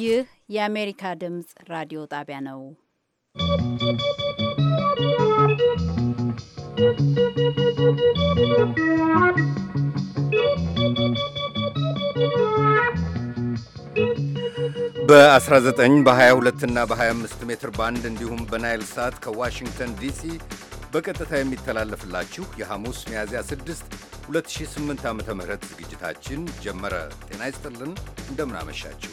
ይህ የአሜሪካ ድምፅ ራዲዮ ጣቢያ ነው። በ19 በ22 እና በ25 ሜትር ባንድ እንዲሁም በናይል ሳት ከዋሽንግተን ዲሲ በቀጥታ የሚተላለፍላችሁ የሐሙስ ሚያዝያ 6 2008 ዓ ም ዝግጅታችን ጀመረ። ጤና ይስጥልን፣ እንደምናመሻችሁ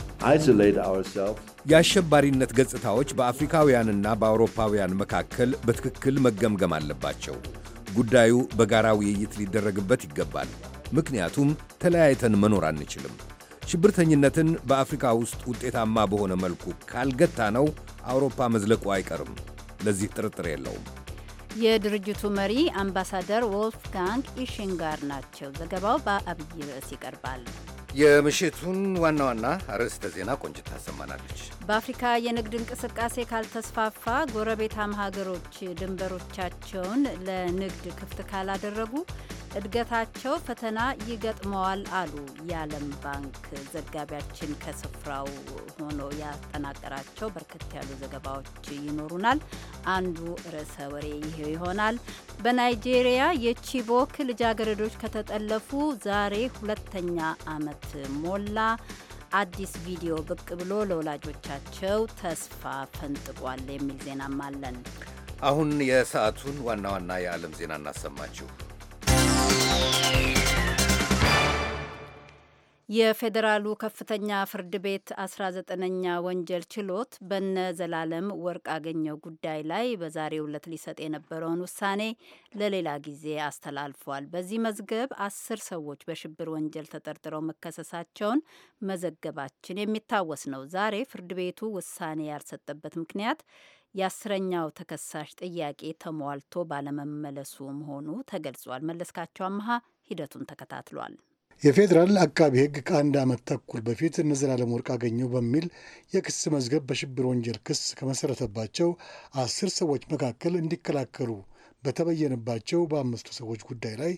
የአሸባሪነት ገጽታዎች በአፍሪካውያንና በአውሮፓውያን መካከል በትክክል መገምገም አለባቸው። ጉዳዩ በጋራ ውይይት ሊደረግበት ይገባል። ምክንያቱም ተለያይተን መኖር አንችልም። ሽብርተኝነትን በአፍሪካ ውስጥ ውጤታማ በሆነ መልኩ ካልገታ ነው አውሮፓ መዝለቁ አይቀርም። ለዚህ ጥርጥር የለውም። የድርጅቱ መሪ አምባሳደር ዎልፍጋንግ ኢሽንጋር ናቸው። ዘገባው በአብይ ርዕስ ይቀርባል። የምሽቱን ዋና ዋና ርዕስተ ዜና ቆንጭት ታሰማናለች። በአፍሪካ የንግድ እንቅስቃሴ ካልተስፋፋ ጎረቤታም ሀገሮች ድንበሮቻቸውን ለንግድ ክፍት ካላደረጉ እድገታቸው ፈተና ይገጥመዋል አሉ የዓለም ባንክ። ዘጋቢያችን ከስፍራው ሆኖ ያጠናቀራቸው በርከት ያሉ ዘገባዎች ይኖሩናል። አንዱ ርዕሰ ወሬ ይሄው ይሆናል። በናይጄሪያ የቺቦክ ልጃገረዶች ከተጠለፉ ዛሬ ሁለተኛ ዓመት ሞላ። አዲስ ቪዲዮ ብቅ ብሎ ለወላጆቻቸው ተስፋ ፈንጥቋል የሚል ዜናም አለን። አሁን የሰዓቱን ዋና ዋና የዓለም ዜና እናሰማችሁ። የፌዴራሉ ከፍተኛ ፍርድ ቤት 19ኛ ወንጀል ችሎት በነ ዘላለም ወርቅ አገኘው ጉዳይ ላይ በዛሬው ዕለት ሊሰጥ የነበረውን ውሳኔ ለሌላ ጊዜ አስተላልፏል። በዚህ መዝገብ አስር ሰዎች በሽብር ወንጀል ተጠርጥረው መከሰሳቸውን መዘገባችን የሚታወስ ነው። ዛሬ ፍርድ ቤቱ ውሳኔ ያልሰጠበት ምክንያት የአስረኛው ተከሳሽ ጥያቄ ተሟልቶ ባለመመለሱ መሆኑ ተገልጿል። መለስካቸው አመሀ ሂደቱን ተከታትሏል። የፌዴራል አቃቢ ሕግ ከአንድ ዓመት ተኩል በፊት እነ ዘላለም ወርቅ አገኘው በሚል የክስ መዝገብ በሽብር ወንጀል ክስ ከመሰረተባቸው አስር ሰዎች መካከል እንዲከላከሉ በተበየነባቸው በአምስቱ ሰዎች ጉዳይ ላይ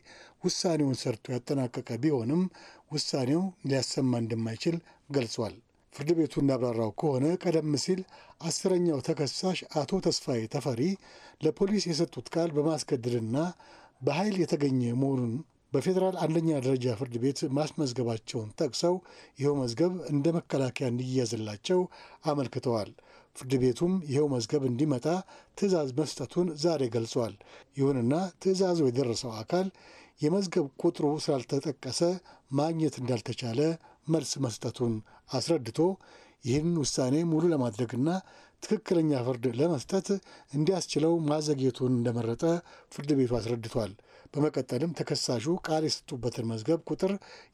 ውሳኔውን ሰርቶ ያጠናቀቀ ቢሆንም ውሳኔው ሊያሰማ እንደማይችል ገልጿል። ፍርድ ቤቱ እንዳብራራው ከሆነ ቀደም ሲል አስረኛው ተከሳሽ አቶ ተስፋዬ ተፈሪ ለፖሊስ የሰጡት ቃል በማስገደድና በኃይል የተገኘ መሆኑን በፌዴራል አንደኛ ደረጃ ፍርድ ቤት ማስመዝገባቸውን ጠቅሰው ይኸው መዝገብ እንደ መከላከያ እንዲያዝላቸው አመልክተዋል። ፍርድ ቤቱም ይኸው መዝገብ እንዲመጣ ትዕዛዝ መስጠቱን ዛሬ ገልጿል። ይሁንና ትዕዛዙ የደረሰው አካል የመዝገብ ቁጥሩ ስላልተጠቀሰ ማግኘት እንዳልተቻለ መልስ መስጠቱን አስረድቶ ይህን ውሳኔ ሙሉ ለማድረግና ትክክለኛ ፍርድ ለመስጠት እንዲያስችለው ማዘግየቱን እንደመረጠ ፍርድ ቤቱ አስረድቷል። በመቀጠልም ተከሳሹ ቃል የሰጡበትን መዝገብ ቁጥር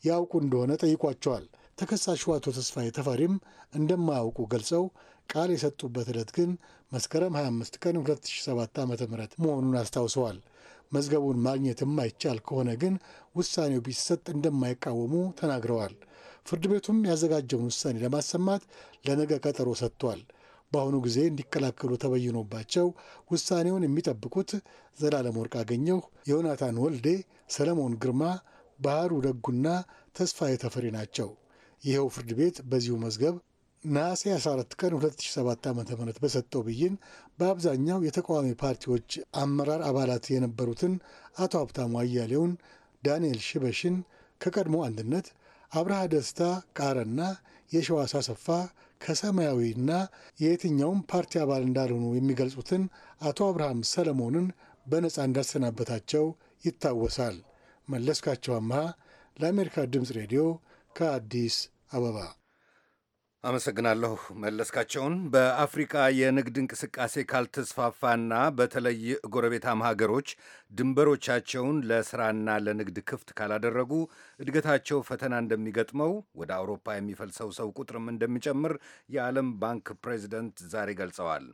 ያውቁ እንደሆነ ጠይቋቸዋል። ተከሳሹ አቶ ተስፋዬ ተፈሪም እንደማያውቁ ገልጸው ቃል የሰጡበት ዕለት ግን መስከረም 25 ቀን 2007 ዓ ም መሆኑን አስታውሰዋል። መዝገቡን ማግኘት የማይቻል ከሆነ ግን ውሳኔው ቢሰጥ እንደማይቃወሙ ተናግረዋል። ፍርድ ቤቱም ያዘጋጀውን ውሳኔ ለማሰማት ለነገ ቀጠሮ ሰጥቷል። በአሁኑ ጊዜ እንዲከላከሉ ተበይኖባቸው ውሳኔውን የሚጠብቁት ዘላለም ወርቅ አገኘሁ፣ ዮናታን ወልዴ፣ ሰለሞን ግርማ፣ ባህሩ ደጉና ተስፋ የተፈሪ ናቸው። ይኸው ፍርድ ቤት በዚሁ መዝገብ ነሐሴ 14 ቀን 2007 ዓ ም በሰጠው ብይን በአብዛኛው የተቃዋሚ ፓርቲዎች አመራር አባላት የነበሩትን አቶ ሀብታሙ አያሌውን፣ ዳንኤል ሽበሽን ከቀድሞ አንድነት፣ አብርሃ ደስታ ቃረና የሸዋስ አሰፋ ከሰማያዊና የየትኛውም ፓርቲ አባል እንዳልሆኑ የሚገልጹትን አቶ አብርሃም ሰለሞንን በነፃ እንዳሰናበታቸው ይታወሳል። መለስካቸው አምሃ ለአሜሪካ ድምፅ ሬዲዮ ከአዲስ አበባ አመሰግናለሁ መለስካቸውን። በአፍሪቃ የንግድ እንቅስቃሴ ካልተስፋፋና በተለይ ጎረቤታማ ሀገሮች ድንበሮቻቸውን ለስራና ለንግድ ክፍት ካላደረጉ እድገታቸው ፈተና እንደሚገጥመው፣ ወደ አውሮፓ የሚፈልሰው ሰው ቁጥርም እንደሚጨምር የዓለም ባንክ ፕሬዚደንት ዛሬ ገልጸዋል።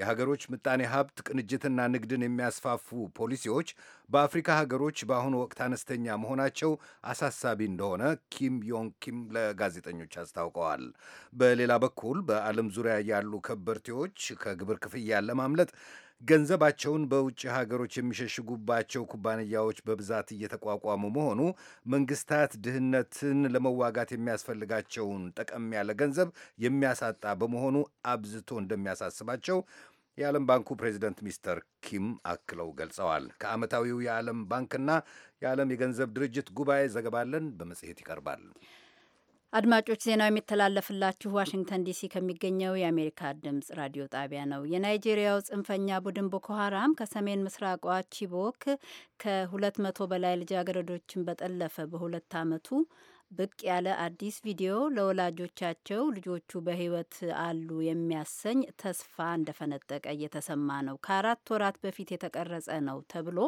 የሀገሮች ምጣኔ ሀብት ቅንጅትና ንግድን የሚያስፋፉ ፖሊሲዎች በአፍሪካ ሀገሮች በአሁኑ ወቅት አነስተኛ መሆናቸው አሳሳቢ እንደሆነ ኪም ዮንግ ኪም ለጋዜጠኞች አስታውቀዋል። በሌላ በኩል በዓለም ዙሪያ ያሉ ከበርቴዎች ከግብር ክፍያ ለማምለጥ ገንዘባቸውን በውጭ ሀገሮች የሚሸሽጉባቸው ኩባንያዎች በብዛት እየተቋቋሙ መሆኑ መንግስታት ድህነትን ለመዋጋት የሚያስፈልጋቸውን ጠቀም ያለ ገንዘብ የሚያሳጣ በመሆኑ አብዝቶ እንደሚያሳስባቸው የዓለም ባንኩ ፕሬዚደንት ሚስተር ኪም አክለው ገልጸዋል። ከዓመታዊው የዓለም ባንክና የዓለም የገንዘብ ድርጅት ጉባኤ ዘገባለን በመጽሔት ይቀርባል። አድማጮች ዜናው የሚተላለፍላችሁ ዋሽንግተን ዲሲ ከሚገኘው የአሜሪካ ድምጽ ራዲዮ ጣቢያ ነው። የናይጄሪያው ጽንፈኛ ቡድን ቦኮ ሀራም ከሰሜን ምስራቋ ቺቦክ ከሁለት መቶ በላይ ልጃገረዶችን በጠለፈ በሁለት ዓመቱ ብቅ ያለ አዲስ ቪዲዮ ለወላጆቻቸው ልጆቹ በሕይወት አሉ የሚያሰኝ ተስፋ እንደፈነጠቀ እየተሰማ ነው። ከአራት ወራት በፊት የተቀረጸ ነው ተብሎ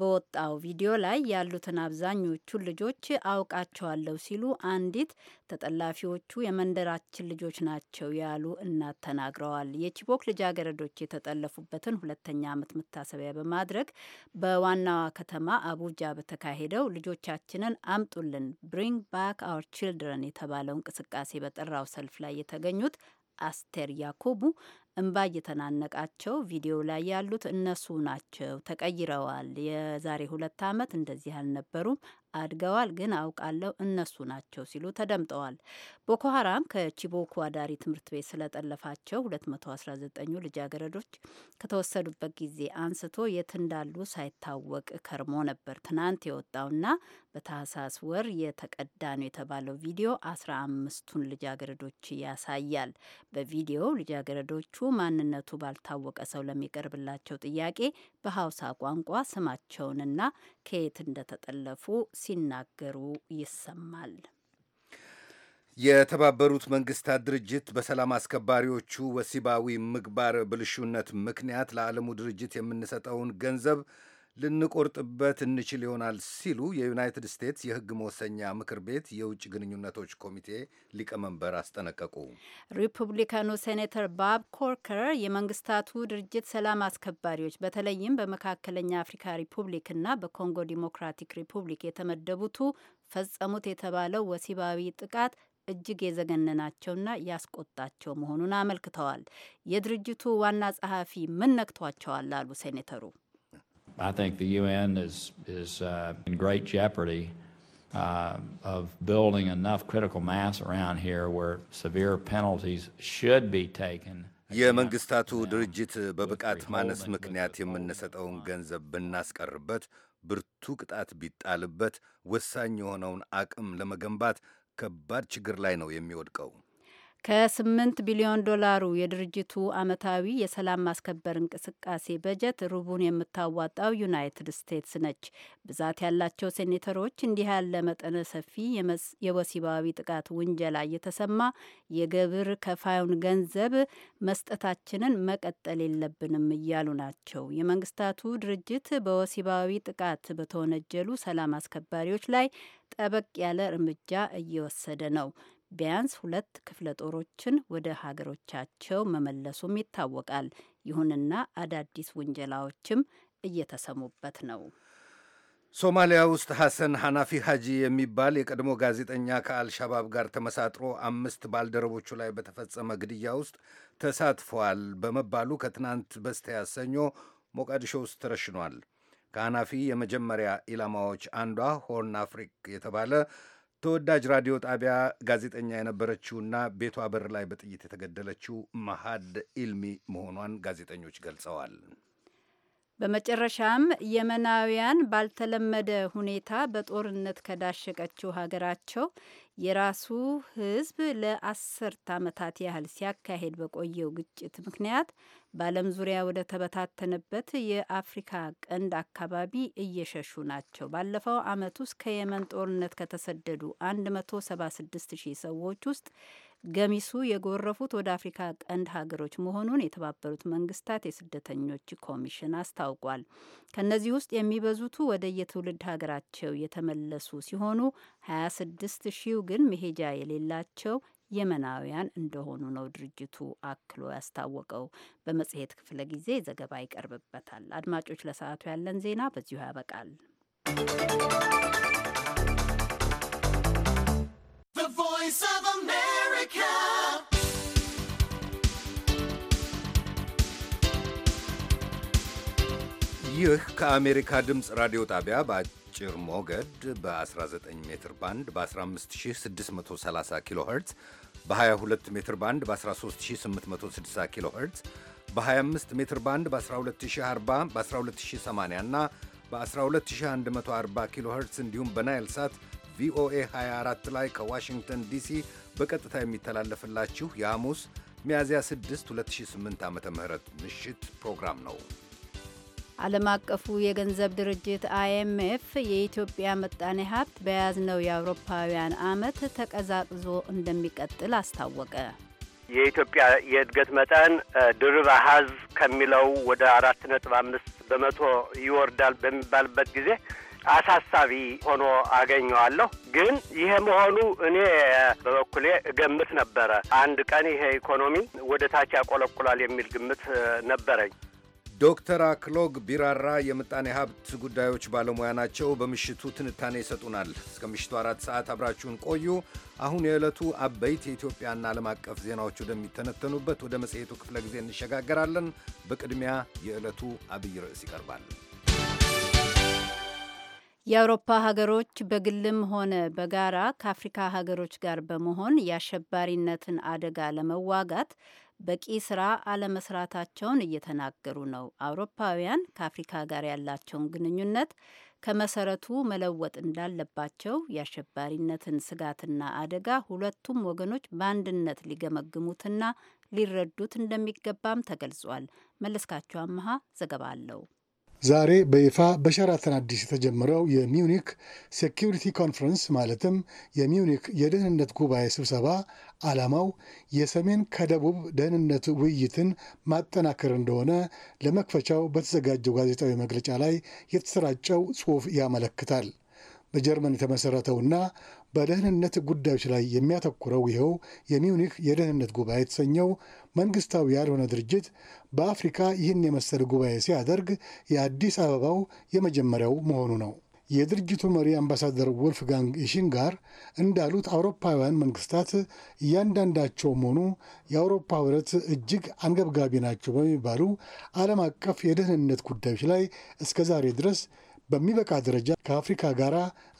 በወጣው ቪዲዮ ላይ ያሉትን አብዛኞቹን ልጆች አውቃቸዋለሁ ሲሉ አንዲት ተጠላፊዎቹ የመንደራችን ልጆች ናቸው ያሉ እናት ተናግረዋል። የቺቦክ ልጃገረዶች የተጠለፉበትን ሁለተኛ ዓመት መታሰቢያ በማድረግ በዋናዋ ከተማ አቡጃ በተካሄደው ልጆቻችንን አምጡልን ብሪንግ ባክ አወር ችልድረን የተባለው እንቅስቃሴ በጠራው ሰልፍ ላይ የተገኙት አስቴር ያኮቡ እንባ እየተናነቃቸው ቪዲዮ ላይ ያሉት እነሱ ናቸው። ተቀይረዋል። የዛሬ ሁለት ዓመት እንደዚህ አልነበሩም። አድገዋል፣ ግን አውቃለሁ እነሱ ናቸው ሲሉ ተደምጠዋል። ቦኮ ሀራም ከቺቦኩ አዳሪ ትምህርት ቤት ስለጠለፋቸው 219ኙ ልጃገረዶች ከተወሰዱበት ጊዜ አንስቶ የት እንዳሉ ሳይታወቅ ከርሞ ነበር። ትናንት የወጣውና በታህሳስ ወር የተቀዳ ነው የተባለው ቪዲዮ 15ቱን ልጃገረዶች ያሳያል። በቪዲዮው ልጃገረዶቹ ማንነቱ ባልታወቀ ሰው ለሚቀርብላቸው ጥያቄ በሀውሳ ቋንቋ ስማቸውንና ከየት እንደተጠለፉ ሲናገሩ ይሰማል። የተባበሩት መንግስታት ድርጅት በሰላም አስከባሪዎቹ ወሲባዊ ምግባር ብልሹነት ምክንያት ለዓለሙ ድርጅት የምንሰጠውን ገንዘብ ልንቆርጥበት እንችል ይሆናል ሲሉ የዩናይትድ ስቴትስ የሕግ መወሰኛ ምክር ቤት የውጭ ግንኙነቶች ኮሚቴ ሊቀመንበር አስጠነቀቁ። ሪፑብሊካኑ ሴኔተር ባብ ኮርከር የመንግስታቱ ድርጅት ሰላም አስከባሪዎች በተለይም በመካከለኛ አፍሪካ ሪፑብሊክና በኮንጎ ዲሞክራቲክ ሪፑብሊክ የተመደቡቱ ፈጸሙት የተባለው ወሲባዊ ጥቃት እጅግ የዘገነናቸውና ያስቆጣቸው መሆኑን አመልክተዋል። የድርጅቱ ዋና ጸሐፊ ምን ነክቷቸዋል? አሉ ሴኔተሩ I think the UN is, is uh, in great jeopardy uh, of building enough critical mass around here where severe penalties should be taken. የመንግስታቱ ድርጅት በብቃት ማነስ ምክንያት የምንሰጠውን ገንዘብ ብናስቀርበት፣ ብርቱ ቅጣት ቢጣልበት፣ ወሳኝ የሆነውን አቅም ለመገንባት ከባድ ችግር ላይ ነው የሚወድቀው። ከ ከ8 ቢሊዮን ዶላሩ የድርጅቱ አመታዊ የሰላም ማስከበር እንቅስቃሴ በጀት ሩቡን የምታዋጣው ዩናይትድ ስቴትስ ነች። ብዛት ያላቸው ሴኔተሮች እንዲህ ያለ መጠነ ሰፊ የወሲባዊ ጥቃት ውንጀላ እየተሰማ የግብር ከፋዩን ገንዘብ መስጠታችንን መቀጠል የለብንም እያሉ ናቸው። የመንግስታቱ ድርጅት በወሲባዊ ጥቃት በተወነጀሉ ሰላም አስከባሪዎች ላይ ጠበቅ ያለ እርምጃ እየወሰደ ነው። ቢያንስ ሁለት ክፍለ ጦሮችን ወደ ሀገሮቻቸው መመለሱም ይታወቃል። ይሁንና አዳዲስ ውንጀላዎችም እየተሰሙበት ነው። ሶማሊያ ውስጥ ሐሰን ሐናፊ ሐጂ የሚባል የቀድሞ ጋዜጠኛ ከአልሻባብ ጋር ተመሳጥሮ አምስት ባልደረቦቹ ላይ በተፈጸመ ግድያ ውስጥ ተሳትፏል በመባሉ ከትናንት በስቲያ ሰኞ ሞቃዲሾ ውስጥ ተረሽኗል። ከሐናፊ የመጀመሪያ ኢላማዎች አንዷ ሆርን አፍሪክ የተባለ ተወዳጅ ራዲዮ ጣቢያ ጋዜጠኛ የነበረችውና ቤቷ በር ላይ በጥይት የተገደለችው መሀድ ኢልሚ መሆኗን ጋዜጠኞች ገልጸዋል። በመጨረሻም የመናውያን ባልተለመደ ሁኔታ በጦርነት ከዳሸቀችው ሀገራቸው የራሱ ሕዝብ ለአስርት ዓመታት ያህል ሲያካሄድ በቆየው ግጭት ምክንያት በዓለም ዙሪያ ወደ ተበታተነበት የአፍሪካ ቀንድ አካባቢ እየሸሹ ናቸው። ባለፈው ዓመት ውስጥ ከየመን ጦርነት ከተሰደዱ 176 ሺህ ሰዎች ውስጥ ገሚሱ የጎረፉት ወደ አፍሪካ ቀንድ ሀገሮች መሆኑን የተባበሩት መንግስታት የስደተኞች ኮሚሽን አስታውቋል። ከእነዚህ ውስጥ የሚበዙቱ ወደ የትውልድ ሀገራቸው የተመለሱ ሲሆኑ 26 ሺው ግን መሄጃ የሌላቸው የመናውያን እንደሆኑ ነው ድርጅቱ አክሎ ያስታወቀው። በመጽሔት ክፍለ ጊዜ ዘገባ ይቀርብበታል። አድማጮች፣ ለሰዓቱ ያለን ዜና በዚሁ ያበቃል። ቮይስ ኦፍ አሜሪካ ይህ ከአሜሪካ ድምፅ ራዲዮ ጣቢያ በአጭር ሞገድ በ19 ሜትር ባንድ በ15630 ኪሎ ኸርትዝ በ22 ሜትር ባንድ በ13860 ኪሎ ኸርትዝ በ25 ሜትር ባንድ በ12040 በ12080 እና በ12140 ኪሎ ኸርትዝ እንዲሁም በናይል ሳት ቪኦኤ 24 ላይ ከዋሽንግተን ዲሲ በቀጥታ የሚተላለፍላችሁ የሐሙስ ሚያዝያ 6 2008 ዓ ም ምሽት ፕሮግራም ነው። ዓለም አቀፉ የገንዘብ ድርጅት አይኤምኤፍ የኢትዮጵያ ምጣኔ ሀብት በያዝነው የአውሮፓውያን ዓመት ተቀዛቅዞ እንደሚቀጥል አስታወቀ። የኢትዮጵያ የእድገት መጠን ድርብ አሀዝ ከሚለው ወደ አራት ነጥብ አምስት በመቶ ይወርዳል በሚባልበት ጊዜ አሳሳቢ ሆኖ አገኘዋለሁ። ግን ይሄ መሆኑ እኔ በበኩሌ ገምት ነበረ። አንድ ቀን ይሄ ኢኮኖሚ ወደ ታች ያቆለቁላል የሚል ግምት ነበረኝ። ዶክተር አክሎግ ቢራራ የምጣኔ ሀብት ጉዳዮች ባለሙያ ናቸው። በምሽቱ ትንታኔ ይሰጡናል። እስከ ምሽቱ አራት ሰዓት አብራችሁን ቆዩ። አሁን የዕለቱ አበይት የኢትዮጵያና ዓለም አቀፍ ዜናዎች ወደሚተነተኑበት ወደ መጽሔቱ ክፍለ ጊዜ እንሸጋገራለን። በቅድሚያ የዕለቱ አብይ ርዕስ ይቀርባል። የአውሮፓ ሀገሮች በግልም ሆነ በጋራ ከአፍሪካ ሀገሮች ጋር በመሆን የአሸባሪነትን አደጋ ለመዋጋት በቂ ስራ አለመስራታቸውን እየተናገሩ ነው። አውሮፓውያን ከአፍሪካ ጋር ያላቸውን ግንኙነት ከመሰረቱ መለወጥ እንዳለባቸው የአሸባሪነትን ስጋትና አደጋ ሁለቱም ወገኖች በአንድነት ሊገመግሙትና ሊረዱት እንደሚገባም ተገልጿል። መለስካቸው አመሃ ዘገባ አለው። ዛሬ በይፋ በሸራተን አዲስ የተጀመረው የሚዩኒክ ሴኪሪቲ ኮንፈረንስ ማለትም የሚውኒክ የደህንነት ጉባኤ ስብሰባ ዓላማው የሰሜን ከደቡብ ደህንነት ውይይትን ማጠናከር እንደሆነ ለመክፈቻው በተዘጋጀው ጋዜጣዊ መግለጫ ላይ የተሰራጨው ጽሑፍ ያመለክታል። በጀርመን የተመሠረተውና በደህንነት ጉዳዮች ላይ የሚያተኩረው ይኸው የሚውኒክ የደህንነት ጉባኤ የተሰኘው መንግስታዊ ያልሆነ ድርጅት በአፍሪካ ይህን የመሰለ ጉባኤ ሲያደርግ የአዲስ አበባው የመጀመሪያው መሆኑ ነው። የድርጅቱ መሪ አምባሳደር ወልፍጋንግ ኢሽንጋር እንዳሉት አውሮፓውያን መንግስታት እያንዳንዳቸውም ሆኑ የአውሮፓ ህብረት እጅግ አንገብጋቢ ናቸው በሚባሉ ዓለም አቀፍ የደህንነት ጉዳዮች ላይ እስከ ዛሬ ድረስ በሚበቃ ደረጃ ከአፍሪካ ጋር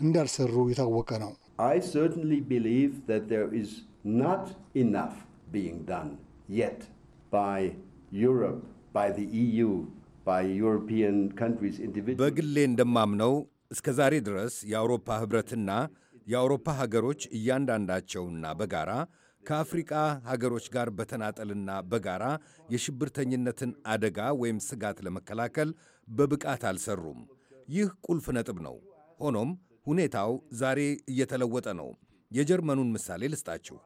እንዳልሰሩ የታወቀ ነው። I certainly believe that there is not enough being done yet by Europe, by the EU, by European countries individually. በግሌ እንደማምነው እስከ ዛሬ ድረስ የአውሮፓ ህብረትና የአውሮፓ ሀገሮች እያንዳንዳቸውና በጋራ ከአፍሪቃ ሀገሮች ጋር በተናጠልና በጋራ የሽብርተኝነትን አደጋ ወይም ስጋት ለመከላከል በብቃት አልሰሩም። ይህ ቁልፍ ነጥብ ነው። ሆኖም ሁኔታው ዛሬ እየተለወጠ ነው። የጀርመኑን ምሳሌ ልስጣችሁ።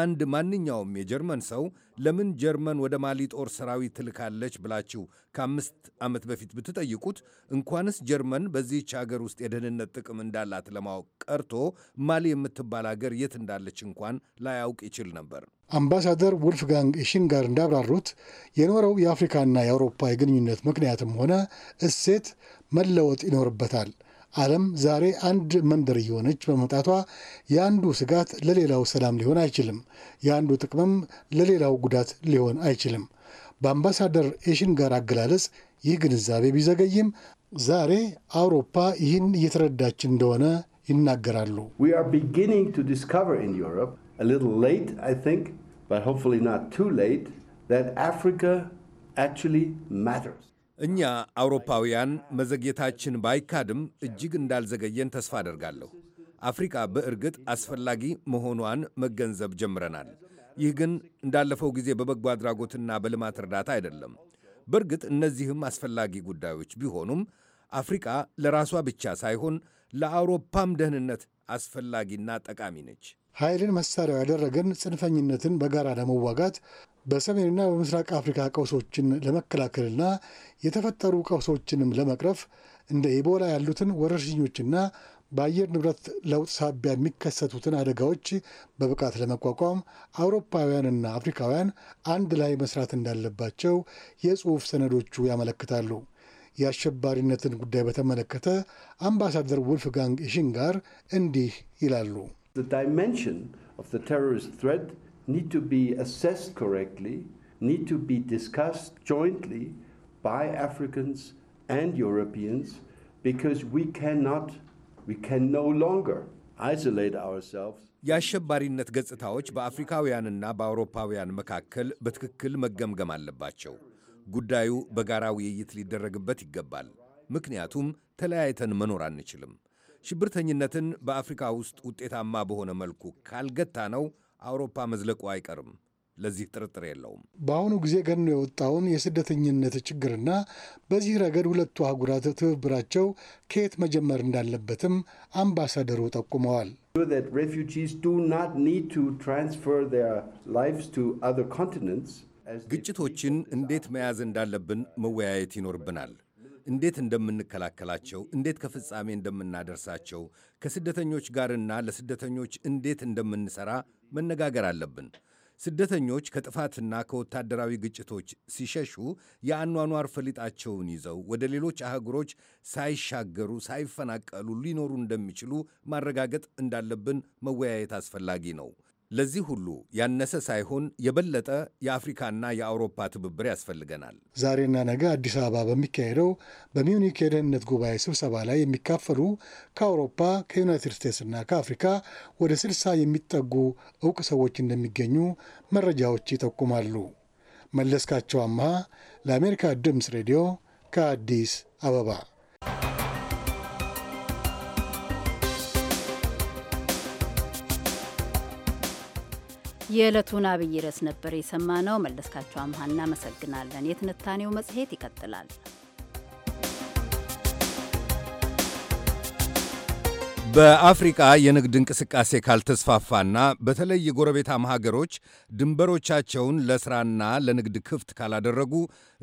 አንድ ማንኛውም የጀርመን ሰው ለምን ጀርመን ወደ ማሊ ጦር ሰራዊት ትልካለች ብላችሁ ከአምስት ዓመት በፊት ብትጠይቁት እንኳንስ ጀርመን በዚህች አገር ውስጥ የደህንነት ጥቅም እንዳላት ለማወቅ ቀርቶ ማሊ የምትባል አገር የት እንዳለች እንኳን ላያውቅ ይችል ነበር። አምባሳደር ውልፍጋንግ ኢሽንጋር እንዳብራሩት የኖረው የአፍሪካና የአውሮፓ የግንኙነት ምክንያትም ሆነ እሴት መለወጥ ይኖርበታል። ዓለም ዛሬ አንድ መንደር እየሆነች በመምጣቷ የአንዱ ስጋት ለሌላው ሰላም ሊሆን አይችልም፣ የአንዱ ጥቅምም ለሌላው ጉዳት ሊሆን አይችልም። በአምባሳደር ጋር አገላለጽ ይህ ግንዛቤ ቢዘገይም ዛሬ አውሮፓ ይህን እየተረዳች እንደሆነ ይናገራሉ። አፍሪካ እኛ አውሮፓውያን መዘግየታችን ባይካድም እጅግ እንዳልዘገየን ተስፋ አደርጋለሁ። አፍሪካ በእርግጥ አስፈላጊ መሆኗን መገንዘብ ጀምረናል። ይህ ግን እንዳለፈው ጊዜ በበጎ አድራጎትና በልማት እርዳታ አይደለም። በእርግጥ እነዚህም አስፈላጊ ጉዳዮች ቢሆኑም አፍሪቃ ለራሷ ብቻ ሳይሆን ለአውሮፓም ደህንነት አስፈላጊና ጠቃሚ ነች። ኃይልን መሳሪያው ያደረገን ጽንፈኝነትን በጋራ ለመዋጋት በሰሜንና በምስራቅ አፍሪካ ቀውሶችን ለመከላከልና የተፈጠሩ ቀውሶችንም ለመቅረፍ እንደ ኢቦላ ያሉትን ወረርሽኞችና በአየር ንብረት ለውጥ ሳቢያ የሚከሰቱትን አደጋዎች በብቃት ለመቋቋም አውሮፓውያንና አፍሪካውያን አንድ ላይ መስራት እንዳለባቸው የጽሑፍ ሰነዶቹ ያመለክታሉ። የአሸባሪነትን ጉዳይ በተመለከተ አምባሳደር ውልፍ ውልፍጋንግ ሽንጋር እንዲህ ይላሉ። need to be assessed correctly, need to be discussed jointly by Africans and Europeans because we cannot, we can no longer isolate ourselves. የአሸባሪነት ገጽታዎች በአፍሪካውያንና በአውሮፓውያን መካከል በትክክል መገምገም አለባቸው። ጉዳዩ በጋራ ውይይት ሊደረግበት ይገባል። ምክንያቱም ተለያይተን መኖር አንችልም። ሽብርተኝነትን በአፍሪካ ውስጥ ውጤታማ በሆነ መልኩ ካልገታ ነው አውሮፓ መዝለቁ አይቀርም። ለዚህ ጥርጥር የለውም። በአሁኑ ጊዜ ገኖ የወጣውን የስደተኝነት ችግርና በዚህ ረገድ ሁለቱ አህጉራት ትብብራቸው ከየት መጀመር እንዳለበትም አምባሳደሩ ጠቁመዋል። ግጭቶችን እንዴት መያዝ እንዳለብን መወያየት ይኖርብናል። እንዴት እንደምንከላከላቸው፣ እንዴት ከፍጻሜ እንደምናደርሳቸው፣ ከስደተኞች ጋርና ለስደተኞች እንዴት እንደምንሠራ መነጋገር አለብን። ስደተኞች ከጥፋትና ከወታደራዊ ግጭቶች ሲሸሹ የአኗኗር ፈሊጣቸውን ይዘው ወደ ሌሎች አህጉሮች ሳይሻገሩ ሳይፈናቀሉ ሊኖሩ እንደሚችሉ ማረጋገጥ እንዳለብን መወያየት አስፈላጊ ነው። ለዚህ ሁሉ ያነሰ ሳይሆን የበለጠ የአፍሪካና የአውሮፓ ትብብር ያስፈልገናል። ዛሬና ነገ አዲስ አበባ በሚካሄደው በሚውኒክ የደህንነት ጉባኤ ስብሰባ ላይ የሚካፈሉ ከአውሮፓ ከዩናይትድ ስቴትስና ከአፍሪካ ወደ ስልሳ የሚጠጉ እውቅ ሰዎች እንደሚገኙ መረጃዎች ይጠቁማሉ። መለስካቸው አምሃ ለአሜሪካ ድምፅ ሬዲዮ ከአዲስ አበባ የዕለቱን አብይ ርዕስ ነበር ነው መለስካቸው አምሃ እናመሰግናለን። የትንታኔው መጽሔት ይቀጥላል። በአፍሪቃ የንግድ እንቅስቃሴ ካልተስፋፋና በተለይ የጎረቤታማ ሀገሮች ድንበሮቻቸውን ለሥራና ለንግድ ክፍት ካላደረጉ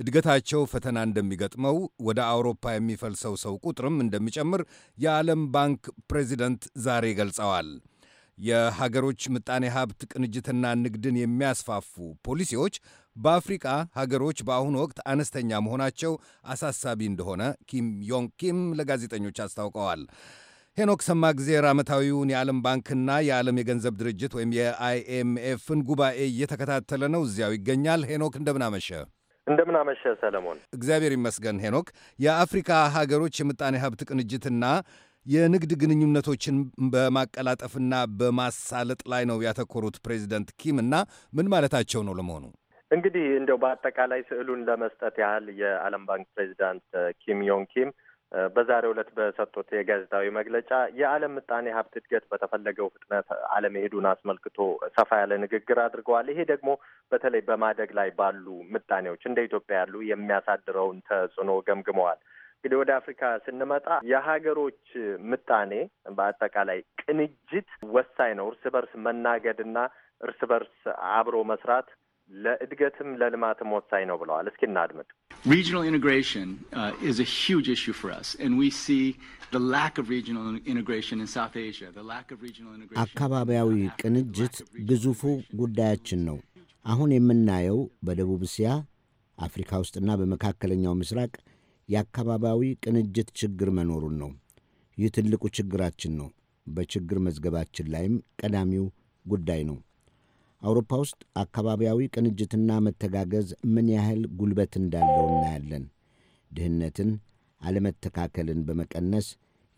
እድገታቸው ፈተና እንደሚገጥመው፣ ወደ አውሮፓ የሚፈልሰው ሰው ቁጥርም እንደሚጨምር የዓለም ባንክ ፕሬዚደንት ዛሬ ገልጸዋል። የሀገሮች ምጣኔ ሀብት ቅንጅትና ንግድን የሚያስፋፉ ፖሊሲዎች በአፍሪቃ ሀገሮች በአሁኑ ወቅት አነስተኛ መሆናቸው አሳሳቢ እንደሆነ ኪም ዮንግ ኪም ለጋዜጠኞች አስታውቀዋል። ሄኖክ ሰማ ጊዜር ዓመታዊውን የዓለም ባንክና የዓለም የገንዘብ ድርጅት ወይም የአይኤምኤፍን ጉባኤ እየተከታተለ ነው። እዚያው ይገኛል። ሄኖክ እንደምናመሸ እንደምናመሸ ሰለሞን። እግዚአብሔር ይመስገን ሄኖክ። የአፍሪካ ሀገሮች የምጣኔ ሀብት ቅንጅትና የንግድ ግንኙነቶችን በማቀላጠፍና በማሳለጥ ላይ ነው ያተኮሩት ፕሬዚደንት ኪም እና ምን ማለታቸው ነው ለመሆኑ? እንግዲህ እንደው በአጠቃላይ ስዕሉን ለመስጠት ያህል የዓለም ባንክ ፕሬዚዳንት ኪም ዮንግ ኪም በዛሬው ዕለት በሰጡት የጋዜጣዊ መግለጫ የዓለም ምጣኔ ሀብት እድገት በተፈለገው ፍጥነት አለመሄዱን አስመልክቶ ሰፋ ያለ ንግግር አድርገዋል። ይሄ ደግሞ በተለይ በማደግ ላይ ባሉ ምጣኔዎች እንደ ኢትዮጵያ ያሉ የሚያሳድረውን ተጽዕኖ ገምግመዋል። እንግዲህ ወደ አፍሪካ ስንመጣ የሀገሮች ምጣኔ በአጠቃላይ ቅንጅት ወሳኝ ነው። እርስ በርስ መናገድና እርስ በርስ አብሮ መስራት ለእድገትም ለልማትም ወሳኝ ነው ብለዋል። እስኪ እናድምጥ። ሪጂናል ኢንቴግሬሽን ኢዝ ሲ ዘ ላክ አካባቢያዊ ቅንጅት ግዙፉ ጉዳያችን ነው። አሁን የምናየው በደቡብ እስያ፣ አፍሪካ ውስጥና በመካከለኛው ምስራቅ የአካባቢያዊ ቅንጅት ችግር መኖሩን ነው። ይህ ትልቁ ችግራችን ነው። በችግር መዝገባችን ላይም ቀዳሚው ጉዳይ ነው። አውሮፓ ውስጥ አካባቢያዊ ቅንጅትና መተጋገዝ ምን ያህል ጉልበት እንዳለው እናያለን። ድህነትን፣ አለመተካከልን በመቀነስ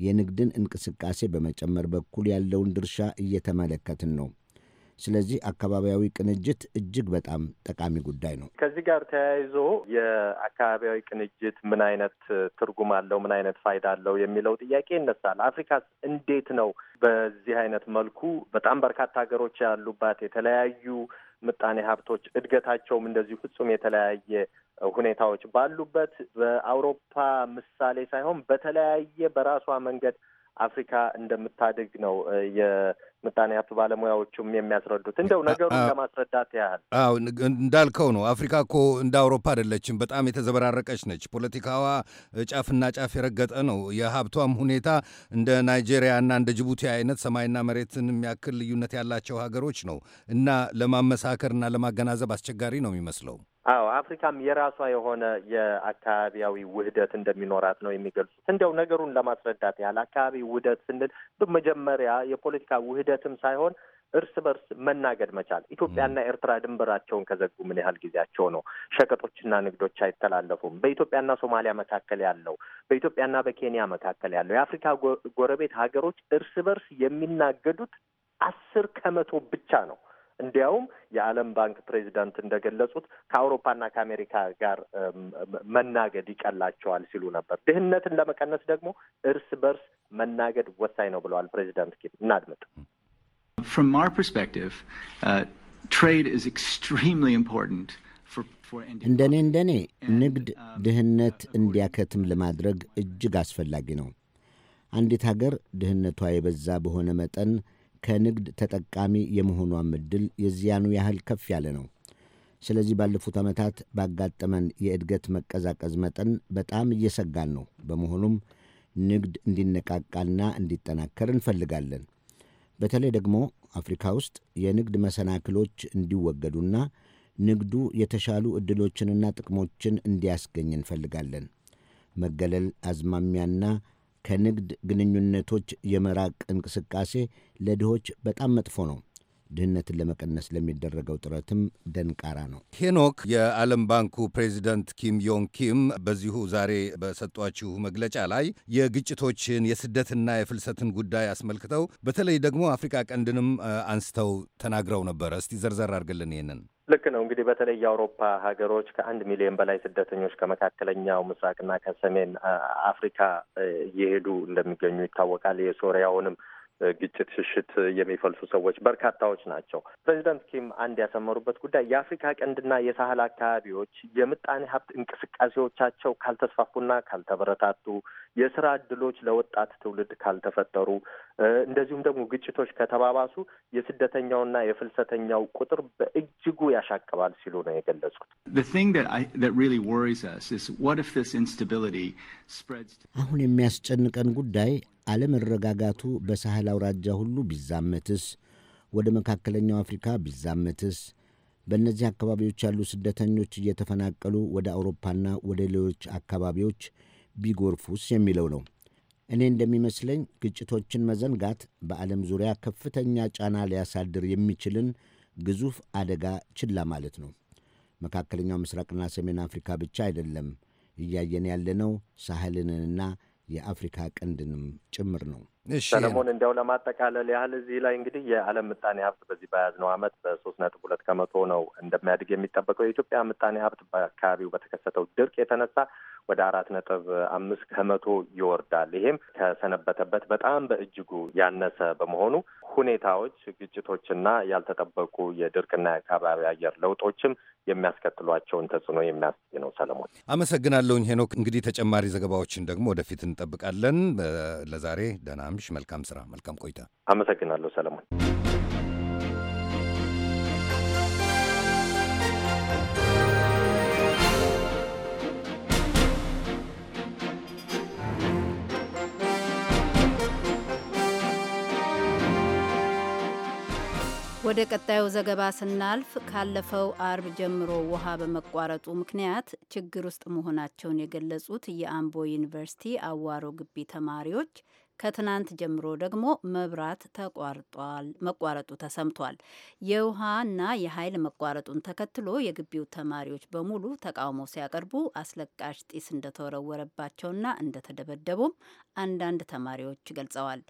የንግድን እንቅስቃሴ በመጨመር በኩል ያለውን ድርሻ እየተመለከትን ነው። ስለዚህ አካባቢያዊ ቅንጅት እጅግ በጣም ጠቃሚ ጉዳይ ነው። ከዚህ ጋር ተያይዞ የአካባቢያዊ ቅንጅት ምን አይነት ትርጉም አለው፣ ምን አይነት ፋይዳ አለው የሚለው ጥያቄ ይነሳል። አፍሪካስ እንዴት ነው በዚህ አይነት መልኩ በጣም በርካታ ሀገሮች ያሉባት የተለያዩ ምጣኔ ሀብቶች እድገታቸውም እንደዚሁ ፍጹም የተለያየ ሁኔታዎች ባሉበት በአውሮፓ ምሳሌ ሳይሆን በተለያየ በራሷ መንገድ አፍሪካ እንደምታድግ ነው የምጣኔ ሀብት ባለሙያዎቹም የሚያስረዱት። እንደው ነገሩን ለማስረዳት ያህል አዎ፣ እንዳልከው ነው። አፍሪካ እኮ እንደ አውሮፓ አይደለችም። በጣም የተዘበራረቀች ነች። ፖለቲካዋ ጫፍና ጫፍ የረገጠ ነው። የሀብቷም ሁኔታ እንደ ናይጄሪያና እንደ ጅቡቲ አይነት ሰማይና መሬትን የሚያክል ልዩነት ያላቸው ሀገሮች ነው እና ለማመሳከርና ለማገናዘብ አስቸጋሪ ነው የሚመስለው። አዎ አፍሪካም የራሷ የሆነ የአካባቢያዊ ውህደት እንደሚኖራት ነው የሚገልጹት። እንደው ነገሩን ለማስረዳት ያህል አካባቢ ውህደት ስንል መጀመሪያ የፖለቲካ ውህደትም ሳይሆን እርስ በርስ መናገድ መቻል። ኢትዮጵያና ኤርትራ ድንበራቸውን ከዘጉ ምን ያህል ጊዜያቸው ነው? ሸቀጦችና ንግዶች አይተላለፉም። በኢትዮጵያና ሶማሊያ መካከል ያለው፣ በኢትዮጵያና በኬንያ መካከል ያለው የአፍሪካ ጎረቤት ሀገሮች እርስ በርስ የሚናገዱት አስር ከመቶ ብቻ ነው። እንዲያውም የዓለም ባንክ ፕሬዚዳንት እንደገለጹት ከአውሮፓና ከአሜሪካ ጋር መናገድ ይቀላቸዋል ሲሉ ነበር። ድህነትን ለመቀነስ ደግሞ እርስ በርስ መናገድ ወሳኝ ነው ብለዋል ፕሬዚዳንት ኪም። እናድምጥ። From our perspective, uh, trade is extremely important. እንደኔ እንደኔ uh, ንግድ ድህነት እንዲያከትም ለማድረግ እጅግ አስፈላጊ ነው። አንዲት ሀገር ድህነቷ የበዛ በሆነ መጠን ከንግድ ተጠቃሚ የመሆኗም ዕድል የዚያኑ ያህል ከፍ ያለ ነው። ስለዚህ ባለፉት ዓመታት ባጋጠመን የእድገት መቀዛቀዝ መጠን በጣም እየሰጋን ነው። በመሆኑም ንግድ እንዲነቃቃና እንዲጠናከር እንፈልጋለን። በተለይ ደግሞ አፍሪካ ውስጥ የንግድ መሰናክሎች እንዲወገዱና ንግዱ የተሻሉ ዕድሎችንና ጥቅሞችን እንዲያስገኝ እንፈልጋለን። መገለል አዝማሚያና ከንግድ ግንኙነቶች የመራቅ እንቅስቃሴ ለድሆች በጣም መጥፎ ነው። ድህነትን ለመቀነስ ለሚደረገው ጥረትም ደንቃራ ነው። ሄኖክ፣ የዓለም ባንኩ ፕሬዚደንት ኪም ዮንግ ኪም በዚሁ ዛሬ በሰጧችሁ መግለጫ ላይ የግጭቶችን የስደትና የፍልሰትን ጉዳይ አስመልክተው በተለይ ደግሞ አፍሪካ ቀንድንም አንስተው ተናግረው ነበር። እስቲ ዘርዘር አድርግልን ይህንን ልክ ነው እንግዲህ በተለይ የአውሮፓ ሀገሮች ከአንድ ሚሊዮን በላይ ስደተኞች ከመካከለኛው ምስራቅና ከሰሜን አፍሪካ እየሄዱ እንደሚገኙ ይታወቃል። የሶሪያውንም ግጭት ሽሽት የሚፈልሱ ሰዎች በርካታዎች ናቸው። ፕሬዚደንት ኪም አንድ ያሰመሩበት ጉዳይ የአፍሪካ ቀንድና የሳህል አካባቢዎች የምጣኔ ሀብት እንቅስቃሴዎቻቸው ካልተስፋፉና ካልተበረታቱ፣ የስራ እድሎች ለወጣት ትውልድ ካልተፈጠሩ፣ እንደዚሁም ደግሞ ግጭቶች ከተባባሱ የስደተኛውና የፍልሰተኛው ቁጥር በእጅጉ ያሻቅባል ሲሉ ነው የገለጹት። አሁን የሚያስጨንቀን ጉዳይ አለመረጋጋቱ በሳህል አውራጃ ሁሉ ቢዛመትስ፣ ወደ መካከለኛው አፍሪካ ቢዛመትስ፣ በእነዚህ አካባቢዎች ያሉ ስደተኞች እየተፈናቀሉ ወደ አውሮፓና ወደ ሌሎች አካባቢዎች ቢጎርፉስ የሚለው ነው። እኔ እንደሚመስለኝ ግጭቶችን መዘንጋት በዓለም ዙሪያ ከፍተኛ ጫና ሊያሳድር የሚችልን ግዙፍ አደጋ ችላ ማለት ነው። መካከለኛው ምስራቅና ሰሜን አፍሪካ ብቻ አይደለም እያየን ያለነው ሳህልንንና የአፍሪካ ቀንድንም ጭምር ነው። ሰለሞን፣ እንዲያው ለማጠቃለል ያህል እዚህ ላይ እንግዲህ የዓለም ምጣኔ ሀብት በዚህ በያዝነው ዓመት በሶስት ነጥብ ሁለት ከመቶ ነው እንደሚያድግ የሚጠበቀው። የኢትዮጵያ ምጣኔ ሀብት በአካባቢው በተከሰተው ድርቅ የተነሳ ወደ አራት ነጥብ አምስት ከመቶ ይወርዳል። ይሄም ከሰነበተበት በጣም በእጅጉ ያነሰ በመሆኑ ሁኔታዎች፣ ግጭቶችና ያልተጠበቁ የድርቅና የአካባቢ አየር ለውጦችም የሚያስከትሏቸውን ተጽዕኖ የሚያሳይ ነው። ሰለሞን አመሰግናለሁኝ። ሄኖክ እንግዲህ ተጨማሪ ዘገባዎችን ደግሞ ወደፊት እንጠብቃለን። ለዛሬ ደህና ታምሽ። መልካም ስራ፣ መልካም ቆይታ። አመሰግናለሁ ሰለሞን። ወደ ቀጣዩ ዘገባ ስናልፍ ካለፈው አርብ ጀምሮ ውሃ በመቋረጡ ምክንያት ችግር ውስጥ መሆናቸውን የገለጹት የአምቦ ዩኒቨርሲቲ አዋሮ ግቢ ተማሪዎች ከትናንት ጀምሮ ደግሞ መብራት ተቋርጧል መቋረጡ ተሰምቷል። የውሃና የኃይል መቋረጡን ተከትሎ የግቢው ተማሪዎች በሙሉ ተቃውሞ ሲያቀርቡ አስለቃሽ ጢስ እንደተወረወረባቸውና እንደተደበደቡም አንዳንድ ተማሪዎች ገልጸዋል።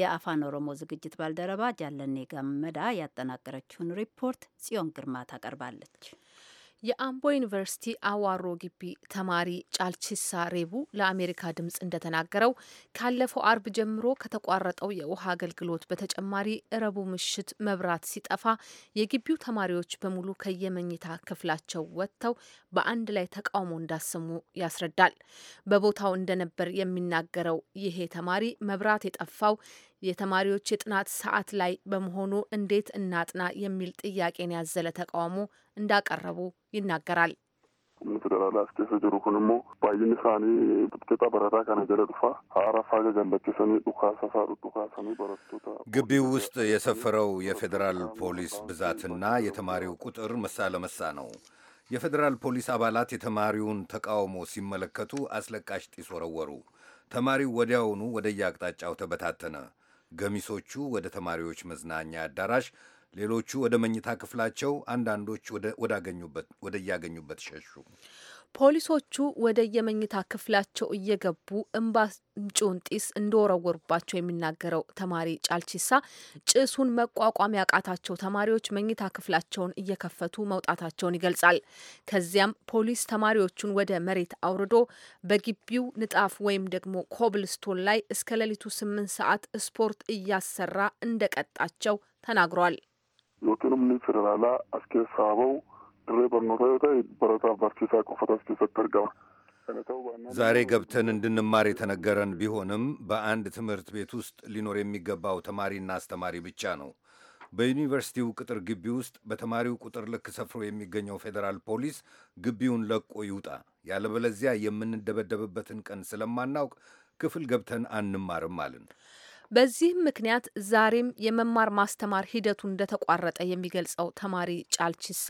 የአፋን ኦሮሞ ዝግጅት ባልደረባ ጃለኔ ገመዳ ያጠናቀረችውን ሪፖርት ጽዮን ግርማ ታቀርባለች። የአምቦ ዩኒቨርሲቲ አዋሮ ግቢ ተማሪ ጫልቺሳ ሬቡ ለአሜሪካ ድምጽ እንደተናገረው ካለፈው አርብ ጀምሮ ከተቋረጠው የውሃ አገልግሎት በተጨማሪ ረቡ ምሽት መብራት ሲጠፋ የግቢው ተማሪዎች በሙሉ ከየመኝታ ክፍላቸው ወጥተው በአንድ ላይ ተቃውሞ እንዳሰሙ ያስረዳል። በቦታው እንደነበር የሚናገረው ይሄ ተማሪ መብራት የጠፋው የተማሪዎች የጥናት ሰዓት ላይ በመሆኑ እንዴት እናጥና የሚል ጥያቄን ያዘለ ተቃውሞ እንዳቀረቡ ይናገራል። ግቢው ውስጥ የሰፈረው የፌዴራል ፖሊስ ብዛትና የተማሪው ቁጥር መሳ ለመሳ ነው። የፌዴራል ፖሊስ አባላት የተማሪውን ተቃውሞ ሲመለከቱ አስለቃሽ ጢስ ወረወሩ። ተማሪው ወዲያውኑ አቅጣጫው ተበታተነ። ገሚሶቹ ወደ ተማሪዎች መዝናኛ አዳራሽ፣ ሌሎቹ ወደ መኝታ ክፍላቸው፣ አንዳንዶች ወደ ያገኙበት ሸሹ። ፖሊሶቹ ወደ የመኝታ ክፍላቸው እየገቡ እምባ ምጪውን ጢስ እንደወረወሩባቸው የሚናገረው ተማሪ ጫልቺሳ ጭሱን መቋቋም ያቃታቸው ተማሪዎች መኝታ ክፍላቸውን እየከፈቱ መውጣታቸውን ይገልጻል። ከዚያም ፖሊስ ተማሪዎቹን ወደ መሬት አውርዶ በግቢው ንጣፍ ወይም ደግሞ ኮብልስቶን ላይ እስከ ሌሊቱ ስምንት ሰዓት ስፖርት እያሰራ እንደቀጣቸው ተናግሯል። dirree barnootaa yoo ta'e barataa barsiisaa qofatas keessatti argama. ዛሬ ገብተን እንድንማር የተነገረን ቢሆንም በአንድ ትምህርት ቤት ውስጥ ሊኖር የሚገባው ተማሪና አስተማሪ ብቻ ነው። በዩኒቨርሲቲው ቅጥር ግቢ ውስጥ በተማሪው ቁጥር ልክ ሰፍሮ የሚገኘው ፌዴራል ፖሊስ ግቢውን ለቆ ይውጣ፣ ያለበለዚያ የምንደበደብበትን ቀን ስለማናውቅ ክፍል ገብተን አንማርም አልን። በዚህም ምክንያት ዛሬም የመማር ማስተማር ሂደቱ እንደተቋረጠ የሚገልጸው ተማሪ ጫልቺሳ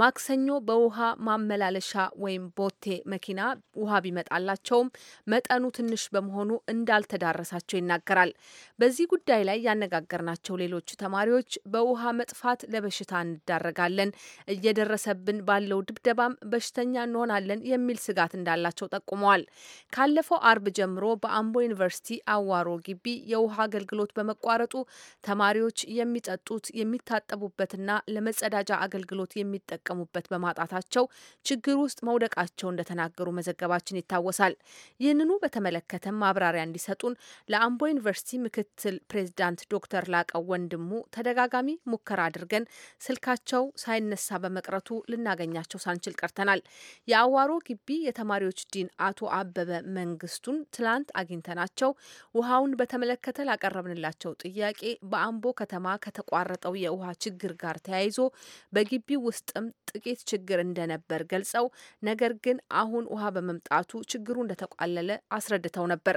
ማክሰኞ በውሃ ማመላለሻ ወይም ቦቴ መኪና ውሃ ቢመጣላቸውም መጠኑ ትንሽ በመሆኑ እንዳልተዳረሳቸው ይናገራል። በዚህ ጉዳይ ላይ ያነጋገርናቸው ሌሎች ተማሪዎች በውሃ መጥፋት ለበሽታ እንዳረጋለን፣ እየደረሰብን ባለው ድብደባም በሽተኛ እንሆናለን የሚል ስጋት እንዳላቸው ጠቁመዋል። ካለፈው አርብ ጀምሮ በአምቦ ዩኒቨርሲቲ አዋሮ ግቢ የውሃ አገልግሎት በመቋረጡ ተማሪዎች የሚጠጡት የሚታጠቡበትና ለመጸዳጃ አገልግሎት የሚጠቀሙበት በማጣታቸው ችግር ውስጥ መውደቃቸው እንደተናገሩ መዘገባችን ይታወሳል። ይህንኑ በተመለከተ ማብራሪያ እንዲሰጡን ለአምቦ ዩኒቨርሲቲ ምክትል ፕሬዚዳንት ዶክተር ላቀው ወንድሙ ተደጋጋሚ ሙከራ አድርገን ስልካቸው ሳይነሳ በመቅረቱ ልናገኛቸው ሳንችል ቀርተናል። የአዋሮ ግቢ የተማሪዎች ዲን አቶ አበበ መንግስቱን ትላንት አግኝተናቸው ውሃውን በተመለከተ በተመለከተ ላቀረብንላቸው ጥያቄ በአምቦ ከተማ ከተቋረጠው የውሃ ችግር ጋር ተያይዞ በግቢው ውስጥም ጥቂት ችግር እንደነበር ገልጸው ነገር ግን አሁን ውሃ በመምጣቱ ችግሩ እንደተቋለለ አስረድተው ነበር።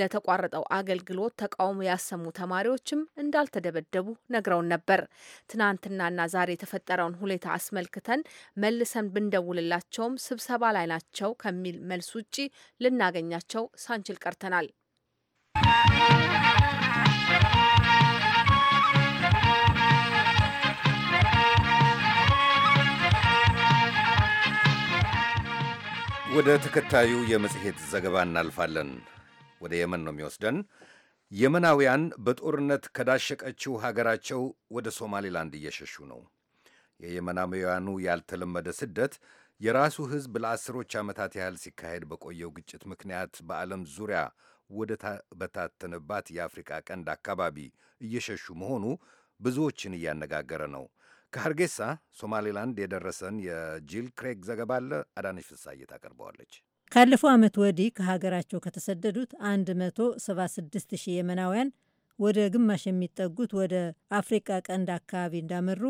ለተቋረጠው አገልግሎት ተቃውሞ ያሰሙ ተማሪዎችም እንዳልተደበደቡ ነግረውን ነበር። ትናንትናና ዛሬ የተፈጠረውን ሁኔታ አስመልክተን መልሰን ብንደውልላቸውም ስብሰባ ላይ ናቸው ከሚል መልስ ውጪ ልናገኛቸው ሳንችል ቀርተናል። ወደ ተከታዩ የመጽሔት ዘገባ እናልፋለን። ወደ የመን ነው የሚወስደን። የመናውያን በጦርነት ከዳሸቀችው ሀገራቸው ወደ ሶማሌላንድ እየሸሹ ነው። የየመናውያኑ ያልተለመደ ስደት የራሱ ሕዝብ ለአስሮች ዓመታት ያህል ሲካሄድ በቆየው ግጭት ምክንያት በዓለም ዙሪያ ወደ በታተነባት የአፍሪቃ ቀንድ አካባቢ እየሸሹ መሆኑ ብዙዎችን እያነጋገረ ነው። ከሀርጌሳ ሶማሌላንድ የደረሰን የጂል ክሬግ ዘገባ አለ። አዳነሽ ፍሳዬ ታቀርበዋለች። ካለፈው ዓመት ወዲህ ከሀገራቸው ከተሰደዱት 176 ሺህ የመናውያን ወደ ግማሽ የሚጠጉት ወደ አፍሪቃ ቀንድ አካባቢ እንዳመሩ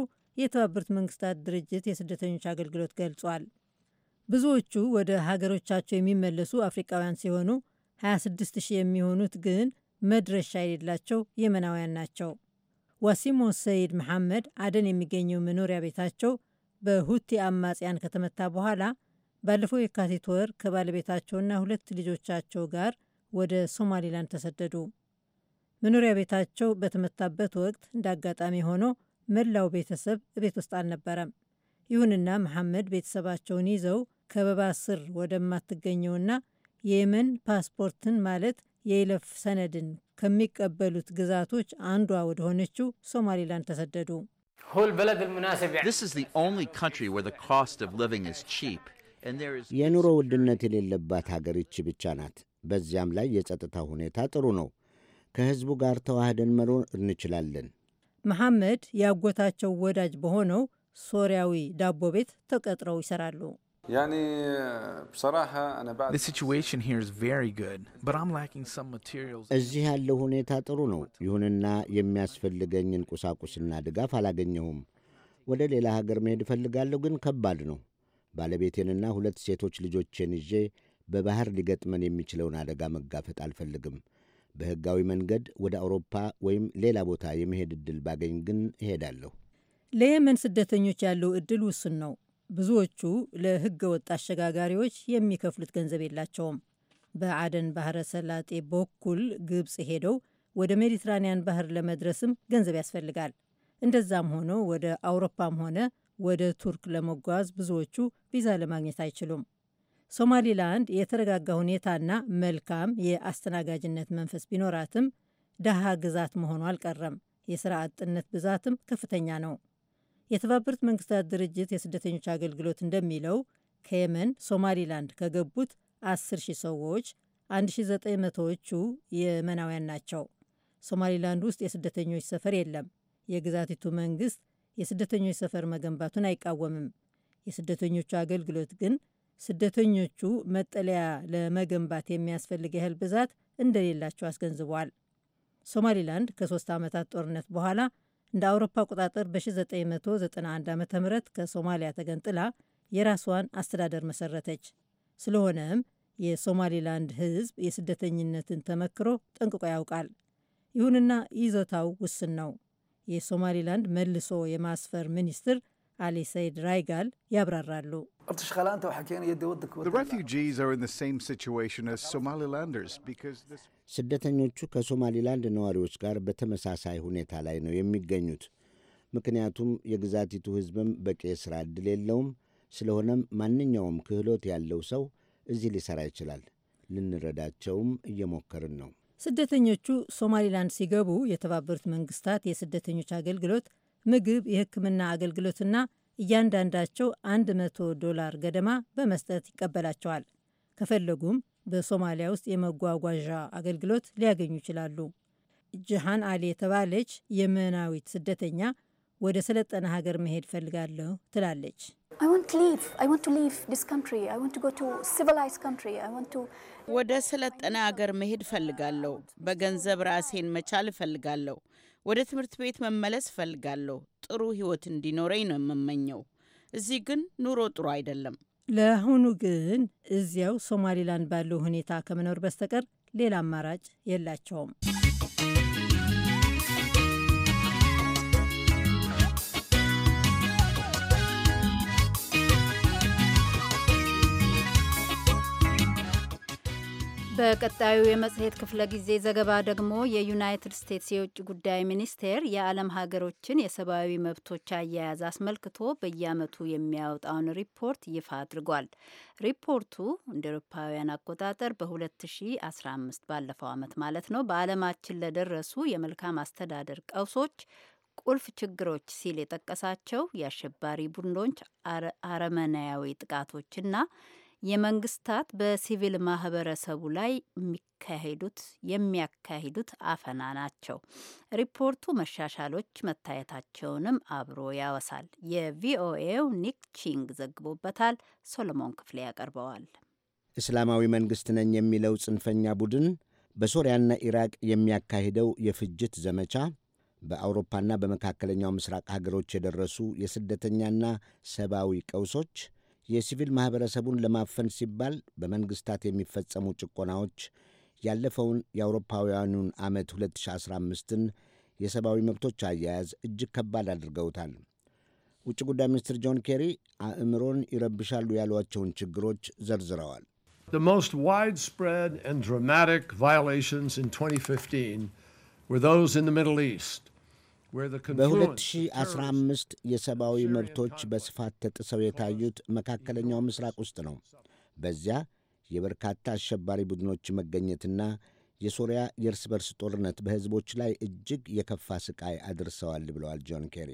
የተባበሩት መንግስታት ድርጅት የስደተኞች አገልግሎት ገልጿል። ብዙዎቹ ወደ ሀገሮቻቸው የሚመለሱ አፍሪቃውያን ሲሆኑ 26 ሺህ የሚሆኑት ግን መድረሻ የሌላቸው የመናውያን ናቸው። ዋሲሞ ሰይድ መሐመድ አደን የሚገኘው መኖሪያ ቤታቸው በሁቲ አማጽያን ከተመታ በኋላ ባለፈው የካቲት ወር ከባለቤታቸውና ሁለት ልጆቻቸው ጋር ወደ ሶማሊላንድ ተሰደዱ። መኖሪያ ቤታቸው በተመታበት ወቅት እንደ አጋጣሚ ሆኖ መላው ቤተሰብ ቤት ውስጥ አልነበረም። ይሁንና መሐመድ ቤተሰባቸውን ይዘው ከበባ ስር ወደማትገኘውና የየመን ፓስፖርትን ማለት የይለፍ ሰነድን ከሚቀበሉት ግዛቶች አንዷ ወደ ሆነችው ሶማሊላንድ ተሰደዱ። የኑሮ ውድነት የሌለባት ሀገር ይቺ ብቻ ናት። በዚያም ላይ የጸጥታ ሁኔታ ጥሩ ነው። ከህዝቡ ጋር ተዋህደን መኖር እንችላለን። መሐመድ ያጎታቸው ወዳጅ በሆነው ሶሪያዊ ዳቦ ቤት ተቀጥረው ይሰራሉ። እዚህ ያለው ሁኔታ ጥሩ ነው። ይሁንና የሚያስፈልገኝን ቁሳቁስና ድጋፍ አላገኘሁም። ወደ ሌላ ሀገር መሄድ እፈልጋለሁ፣ ግን ከባድ ነው። ባለቤቴንና ሁለት ሴቶች ልጆቼን ይዤ በባህር ሊገጥመን የሚችለውን አደጋ መጋፈጥ አልፈልግም። በሕጋዊ መንገድ ወደ አውሮፓ ወይም ሌላ ቦታ የመሄድ ዕድል ባገኝ ግን እሄዳለሁ። ለየመን ስደተኞች ያለው ዕድል ውስን ነው። ብዙዎቹ ለህገ ወጥ አሸጋጋሪዎች የሚከፍሉት ገንዘብ የላቸውም። በአደን ባህረ ሰላጤ በኩል ግብፅ ሄደው ወደ ሜዲትራኒያን ባህር ለመድረስም ገንዘብ ያስፈልጋል። እንደዛም ሆኖ ወደ አውሮፓም ሆነ ወደ ቱርክ ለመጓዝ ብዙዎቹ ቪዛ ለማግኘት አይችሉም። ሶማሊላንድ የተረጋጋ ሁኔታና መልካም የአስተናጋጅነት መንፈስ ቢኖራትም ደሃ ግዛት መሆኑ አልቀረም። የሥራ አጥነት ብዛትም ከፍተኛ ነው። የተባበሩት መንግስታት ድርጅት የስደተኞች አገልግሎት እንደሚለው ከየመን ሶማሊላንድ ከገቡት 10 ሺህ ሰዎች 1900ዎቹ የመናውያን ናቸው። ሶማሊላንድ ውስጥ የስደተኞች ሰፈር የለም። የግዛቲቱ መንግስት የስደተኞች ሰፈር መገንባቱን አይቃወምም። የስደተኞቹ አገልግሎት ግን ስደተኞቹ መጠለያ ለመገንባት የሚያስፈልግ ያህል ብዛት እንደሌላቸው አስገንዝቧል። ሶማሊላንድ ከሶስት ዓመታት ጦርነት በኋላ እንደ አውሮፓ አቆጣጠር በ1991 ዓ ም ከሶማሊያ ተገንጥላ የራስዋን አስተዳደር መሰረተች። ስለሆነም የሶማሊላንድ ህዝብ የስደተኝነትን ተመክሮ ጠንቅቆ ያውቃል። ይሁንና ይዞታው ውስን ነው። የሶማሊላንድ መልሶ የማስፈር ሚኒስትር አሊ ሰይድ ራይጋል ያብራራሉ። ስደተኞቹ ከሶማሊላንድ ነዋሪዎች ጋር በተመሳሳይ ሁኔታ ላይ ነው የሚገኙት። ምክንያቱም የግዛቲቱ ሕዝብም በቂ የሥራ ዕድል የለውም። ስለሆነም ማንኛውም ክህሎት ያለው ሰው እዚህ ሊሠራ ይችላል። ልንረዳቸውም እየሞከርን ነው። ስደተኞቹ ሶማሊላንድ ሲገቡ የተባበሩት መንግስታት የስደተኞች አገልግሎት ምግብ፣ የሕክምና አገልግሎትና እያንዳንዳቸው 100 ዶላር ገደማ በመስጠት ይቀበላቸዋል። ከፈለጉም በሶማሊያ ውስጥ የመጓጓዣ አገልግሎት ሊያገኙ ይችላሉ። ጅሃን አሊ የተባለች የመናዊት ስደተኛ ወደ ሰለጠነ ሀገር መሄድ ፈልጋለሁ ትላለች። ወደ ሰለጠነ ሀገር መሄድ ፈልጋለሁ። በገንዘብ ራሴን መቻል እፈልጋለሁ። ወደ ትምህርት ቤት መመለስ እፈልጋለሁ። ጥሩ ህይወት እንዲኖረኝ ነው የምመኘው። እዚህ ግን ኑሮ ጥሩ አይደለም። ለአሁኑ ግን እዚያው ሶማሊላንድ ባለው ሁኔታ ከመኖር በስተቀር ሌላ አማራጭ የላቸውም። በቀጣዩ የመጽሔት ክፍለ ጊዜ ዘገባ ደግሞ የዩናይትድ ስቴትስ የውጭ ጉዳይ ሚኒስቴር የዓለም ሀገሮችን የሰብአዊ መብቶች አያያዝ አስመልክቶ በየዓመቱ የሚያወጣውን ሪፖርት ይፋ አድርጓል። ሪፖርቱ እንደ ኤሮፓውያን አቆጣጠር በ2015 ባለፈው ዓመት ማለት ነው በዓለማችን ለደረሱ የመልካም አስተዳደር ቀውሶች ቁልፍ ችግሮች ሲል የጠቀሳቸው የአሸባሪ ቡድኖች አረመናያዊ ጥቃቶችና የመንግስታት በሲቪል ማህበረሰቡ ላይ የሚካሄዱት የሚያካሂዱት አፈና ናቸው። ሪፖርቱ መሻሻሎች መታየታቸውንም አብሮ ያወሳል። የቪኦኤው ኒክ ቺንግ ዘግቦበታል። ሶሎሞን ክፍሌ ያቀርበዋል። እስላማዊ መንግስት ነኝ የሚለው ጽንፈኛ ቡድን በሶሪያና ኢራቅ የሚያካሂደው የፍጅት ዘመቻ በአውሮፓና በመካከለኛው ምስራቅ ሀገሮች የደረሱ የስደተኛና ሰብአዊ ቀውሶች የሲቪል ማኅበረሰቡን ለማፈን ሲባል በመንግሥታት የሚፈጸሙ ጭቆናዎች ያለፈውን የአውሮፓውያኑን ዓመት 2015ን የሰብአዊ መብቶች አያያዝ እጅግ ከባድ አድርገውታል። ውጭ ጉዳይ ሚኒስትር ጆን ኬሪ አእምሮን ይረብሻሉ ያሏቸውን ችግሮች ዘርዝረዋል። ስ በ2015 የሰብአዊ መብቶች በስፋት ተጥሰው የታዩት መካከለኛው ምስራቅ ውስጥ ነው። በዚያ የበርካታ አሸባሪ ቡድኖች መገኘትና የሶሪያ የእርስ በርስ ጦርነት በሕዝቦች ላይ እጅግ የከፋ ስቃይ አድርሰዋል ብለዋል ጆን ኬሪ።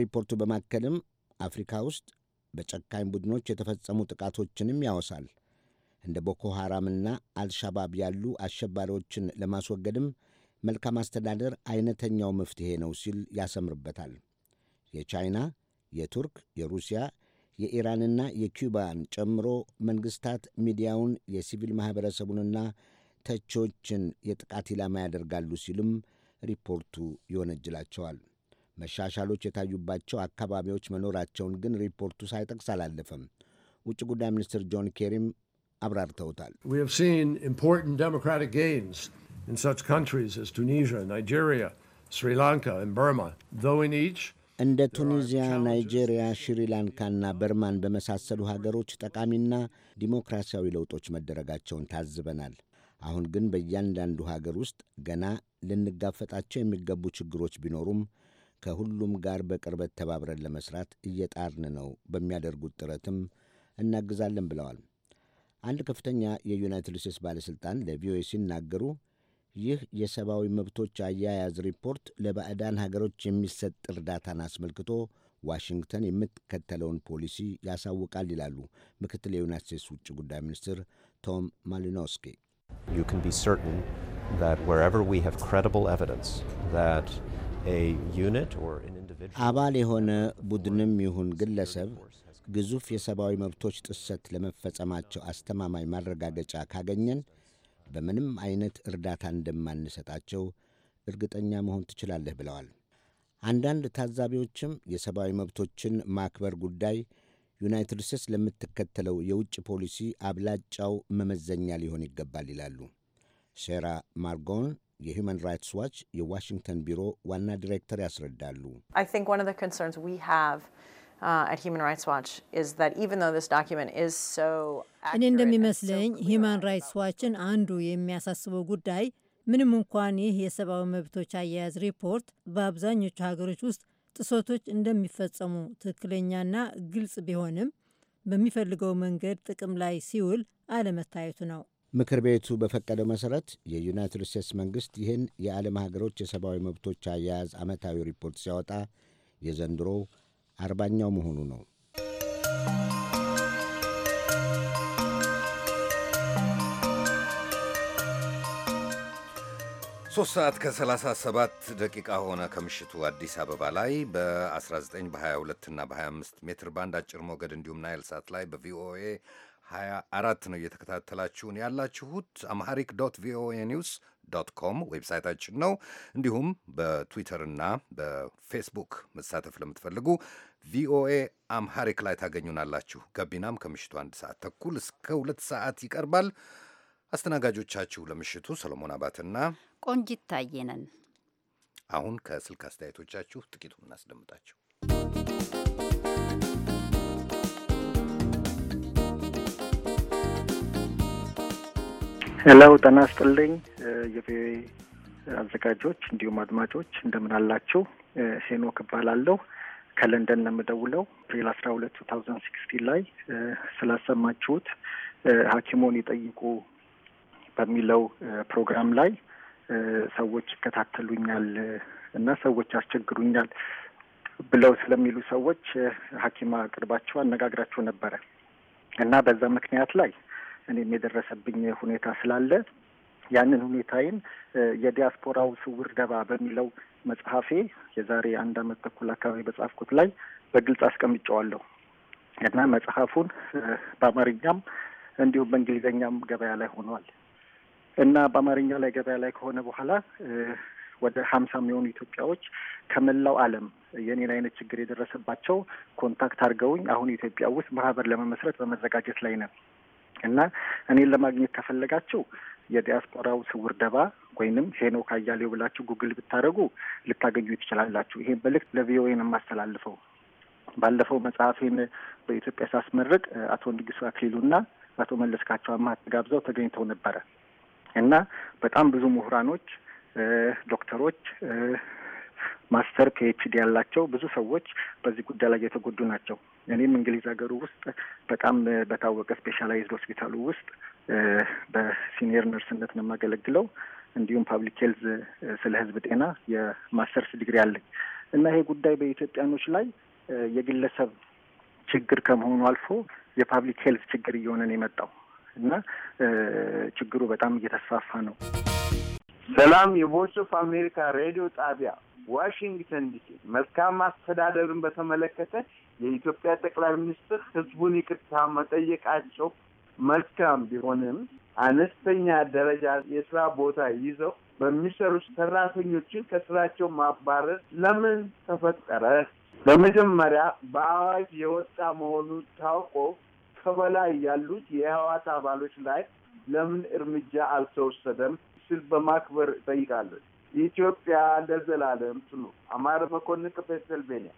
ሪፖርቱ በማከልም አፍሪካ ውስጥ በጨካኝ ቡድኖች የተፈጸሙ ጥቃቶችንም ያወሳል። እንደ ቦኮ ሐራምና አልሻባብ ያሉ አሸባሪዎችን ለማስወገድም መልካም አስተዳደር አይነተኛው መፍትሔ ነው ሲል ያሰምርበታል። የቻይና፣ የቱርክ፣ የሩሲያ፣ የኢራንና የኪውባን ጨምሮ መንግሥታት ሚዲያውን፣ የሲቪል ማኅበረሰቡንና ተቾችን የጥቃት ኢላማ ያደርጋሉ ሲልም ሪፖርቱ ይወነጅላቸዋል። መሻሻሎች የታዩባቸው አካባቢዎች መኖራቸውን ግን ሪፖርቱ ሳይጠቅስ አላለፈም። ውጭ ጉዳይ ሚኒስትር ጆን ኬሪም አብራርተውታል። in such countries as Tunisia, Nigeria, Sri Lanka and Burma, though in each እንደ ቱኒዚያ፣ ናይጄሪያ፣ ሽሪላንካና በርማን በመሳሰሉ ሀገሮች ጠቃሚና ዲሞክራሲያዊ ለውጦች መደረጋቸውን ታዝበናል። አሁን ግን በእያንዳንዱ ሀገር ውስጥ ገና ልንጋፈጣቸው የሚገቡ ችግሮች ቢኖሩም ከሁሉም ጋር በቅርበት ተባብረን ለመስራት እየጣርን ነው። በሚያደርጉት ጥረትም እናግዛለን ብለዋል። አንድ ከፍተኛ የዩናይትድ ስቴትስ ባለሥልጣን ለቪኦኤ ሲናገሩ ይህ የሰብአዊ መብቶች አያያዝ ሪፖርት ለባዕዳን ሀገሮች የሚሰጥ እርዳታን አስመልክቶ ዋሽንግተን የምትከተለውን ፖሊሲ ያሳውቃል ይላሉ ምክትል የዩናይት ስቴትስ ውጭ ጉዳይ ሚኒስትር ቶም ማሊኖስኪ። አባል የሆነ ቡድንም ይሁን ግለሰብ ግዙፍ የሰብአዊ መብቶች ጥሰት ለመፈጸማቸው አስተማማኝ ማረጋገጫ ካገኘን በምንም አይነት እርዳታ እንደማንሰጣቸው እርግጠኛ መሆን ትችላለህ ብለዋል። አንዳንድ ታዛቢዎችም የሰብአዊ መብቶችን ማክበር ጉዳይ ዩናይትድ ስቴትስ ለምትከተለው የውጭ ፖሊሲ አብላጫው መመዘኛ ሊሆን ይገባል ይላሉ። ሴራ ማርጎን የሁማን ራይትስ ዋች የዋሽንግተን ቢሮ ዋና ዲሬክተር ያስረዳሉ። uh, at Human Rights Watch is that even though this document is so እኔ እንደሚመስለኝ ሂማን ራይትስ ዋችን አንዱ የሚያሳስበው ጉዳይ ምንም እንኳን ይህ የሰብአዊ መብቶች አያያዝ ሪፖርት በአብዛኞቹ ሀገሮች ውስጥ ጥሰቶች እንደሚፈጸሙ ትክክለኛና ግልጽ ቢሆንም በሚፈልገው መንገድ ጥቅም ላይ ሲውል አለመታየቱ ነው። ምክር ቤቱ በፈቀደው መሰረት የዩናይትድ ስቴትስ መንግስት ይህን የዓለም ሀገሮች የሰብአዊ መብቶች አያያዝ ዓመታዊ ሪፖርት ሲያወጣ የዘንድሮው አርባኛው መሆኑ ነው። ሶስት ሰዓት ከ37 ደቂቃ ሆነ ከምሽቱ አዲስ አበባ ላይ በ19 በ22 እና በ25 ሜትር ባንድ አጭር ሞገድ እንዲሁም ናይል ሳት ላይ በቪኦኤ 24 ነው እየተከታተላችሁን ያላችሁት። አምሃሪክ ዶት ቪኦኤ ኒውስ ዶት ኮም ዌብሳይታችን ነው። እንዲሁም በትዊተርና በፌስቡክ መሳተፍ ለምትፈልጉ ቪኦኤ አምሃሪክ ላይ ታገኙናላችሁ። ጋቢናም ከምሽቱ አንድ ሰዓት ተኩል እስከ ሁለት ሰዓት ይቀርባል። አስተናጋጆቻችሁ ለምሽቱ ሰሎሞን አባትና ቆንጂት ታየ ነን። አሁን ከስልክ አስተያየቶቻችሁ ጥቂቱን እናስደምጣችሁ። ሄሎ ጤና ይስጥልኝ የቪኦኤ አዘጋጆች እንዲሁም አድማጮች እንደምን አላችሁ? ሄኖክ እባላለሁ። ከለንደን ነው የምደውለው። አፕሪል አስራ ሁለት ቱ ታውዘንድ ሲክስቲን ላይ ስላሰማችሁት ሐኪሞን ይጠይቁ በሚለው ፕሮግራም ላይ ሰዎች ይከታተሉኛል እና ሰዎች ያስቸግሩኛል ብለው ስለሚሉ ሰዎች ሐኪም አቅርባችሁ አነጋግራችሁ ነበረ እና በዛ ምክንያት ላይ እኔም የደረሰብኝ ሁኔታ ስላለ ያንን ሁኔታዬን የዲያስፖራው ስውር ደባ በሚለው መጽሐፌ የዛሬ አንድ አመት ተኩል አካባቢ በጻፍኩት ላይ በግልጽ አስቀምጨዋለሁ እና መጽሐፉን በአማርኛም እንዲሁም በእንግሊዝኛም ገበያ ላይ ሆኗል እና በአማርኛ ላይ ገበያ ላይ ከሆነ በኋላ ወደ ሀምሳ የሚሆኑ ኢትዮጵያዎች ከመላው ዓለም የኔን አይነት ችግር የደረሰባቸው ኮንታክት አድርገውኝ አሁን ኢትዮጵያ ውስጥ ማህበር ለመመስረት በመዘጋጀት ላይ ነን እና እኔን ለማግኘት ከፈለጋችሁ የዲያስፖራው ስውር ደባ ወይንም ሄኖክ አያሌው ብላችሁ ጉግል ብታደረጉ ልታገኙ ትችላላችሁ። ይሄን መልእክት ለቪኦኤ ነው የማስተላልፈው። ባለፈው መጽሐፌን በኢትዮጵያ ሳስመርቅ አቶ ንግሱ አክሊሉና አቶ መለስካቸው አማሀ ተጋብዘው ተገኝተው ነበረ እና በጣም ብዙ ምሁራኖች፣ ዶክተሮች፣ ማስተር ፒኤችዲ ያላቸው ብዙ ሰዎች በዚህ ጉዳይ ላይ የተጎዱ ናቸው። እኔም እንግሊዝ ሀገሩ ውስጥ በጣም በታወቀ ስፔሻላይዝድ ሆስፒታሉ ውስጥ በሲኒየር ነርስነት ነው የማገለግለው። እንዲሁም ፓብሊክ ሄልዝ ስለ ህዝብ ጤና የማስተርስ ዲግሪ አለኝ እና ይሄ ጉዳይ በኢትዮጵያኖች ላይ የግለሰብ ችግር ከመሆኑ አልፎ የፓብሊክ ሄልዝ ችግር እየሆነ ነው የመጣው እና ችግሩ በጣም እየተስፋፋ ነው። ሰላም፣ የቮይስ ኦፍ አሜሪካ ሬዲዮ ጣቢያ ዋሽንግተን ዲሲ። መልካም አስተዳደርን በተመለከተ የኢትዮጵያ ጠቅላይ ሚኒስትር ህዝቡን ይቅርታ መጠየቃቸው መልካም ቢሆንም አነስተኛ ደረጃ የስራ ቦታ ይዘው በሚሰሩ ሰራተኞችን ከስራቸው ማባረር ለምን ተፈጠረ? በመጀመሪያ በአዋጅ የወጣ መሆኑ ታውቆ ከበላይ ያሉት የህዋት አባሎች ላይ ለምን እርምጃ አልተወሰደም ስል በማክበር ጠይቃለች። የኢትዮጵያ ለዘላለም ትኑር! አማረ መኮንን ከፔንስልቬንያ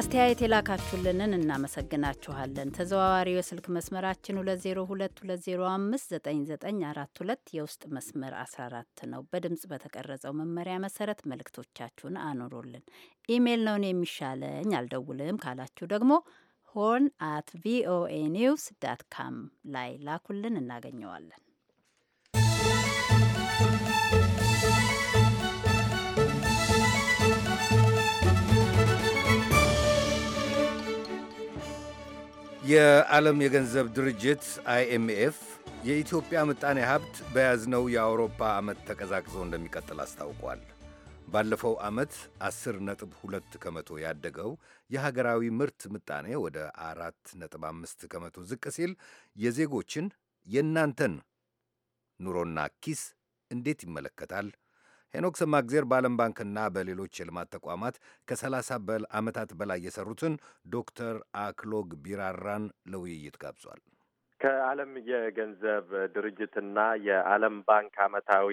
አስተያየት የላካችሁልንን እናመሰግናችኋለን። ተዘዋዋሪው የስልክ መስመራችን 2022059942 የውስጥ መስመር 14 ነው። በድምፅ በተቀረጸው መመሪያ መሰረት መልእክቶቻችሁን አኑሩልን። ኢሜይል ነውን የሚሻለኝ አልደውልም ካላችሁ ደግሞ ሆን አት ቪኦኤ ኒውስ ዳት ካም ላይ ላኩልን፣ እናገኘዋለን። የዓለም የገንዘብ ድርጅት አይኤምኤፍ የኢትዮጵያ ምጣኔ ሀብት በያዝነው የአውሮፓ ዓመት ተቀዛቅዞ እንደሚቀጥል አስታውቋል። ባለፈው ዓመት 10 ነጥብ 2 ከመቶ ያደገው የሀገራዊ ምርት ምጣኔ ወደ 4 ነጥብ 5 ከመቶ ዝቅ ሲል የዜጎችን የእናንተን ኑሮና ኪስ እንዴት ይመለከታል? ሄኖክ ሰማግዜር በዓለም ባንክና በሌሎች የልማት ተቋማት ከ30 ዓመታት በላይ የሰሩትን ዶክተር አክሎግ ቢራራን ለውይይት ጋብዟል። ከዓለም የገንዘብ ድርጅትና የዓለም ባንክ አመታዊ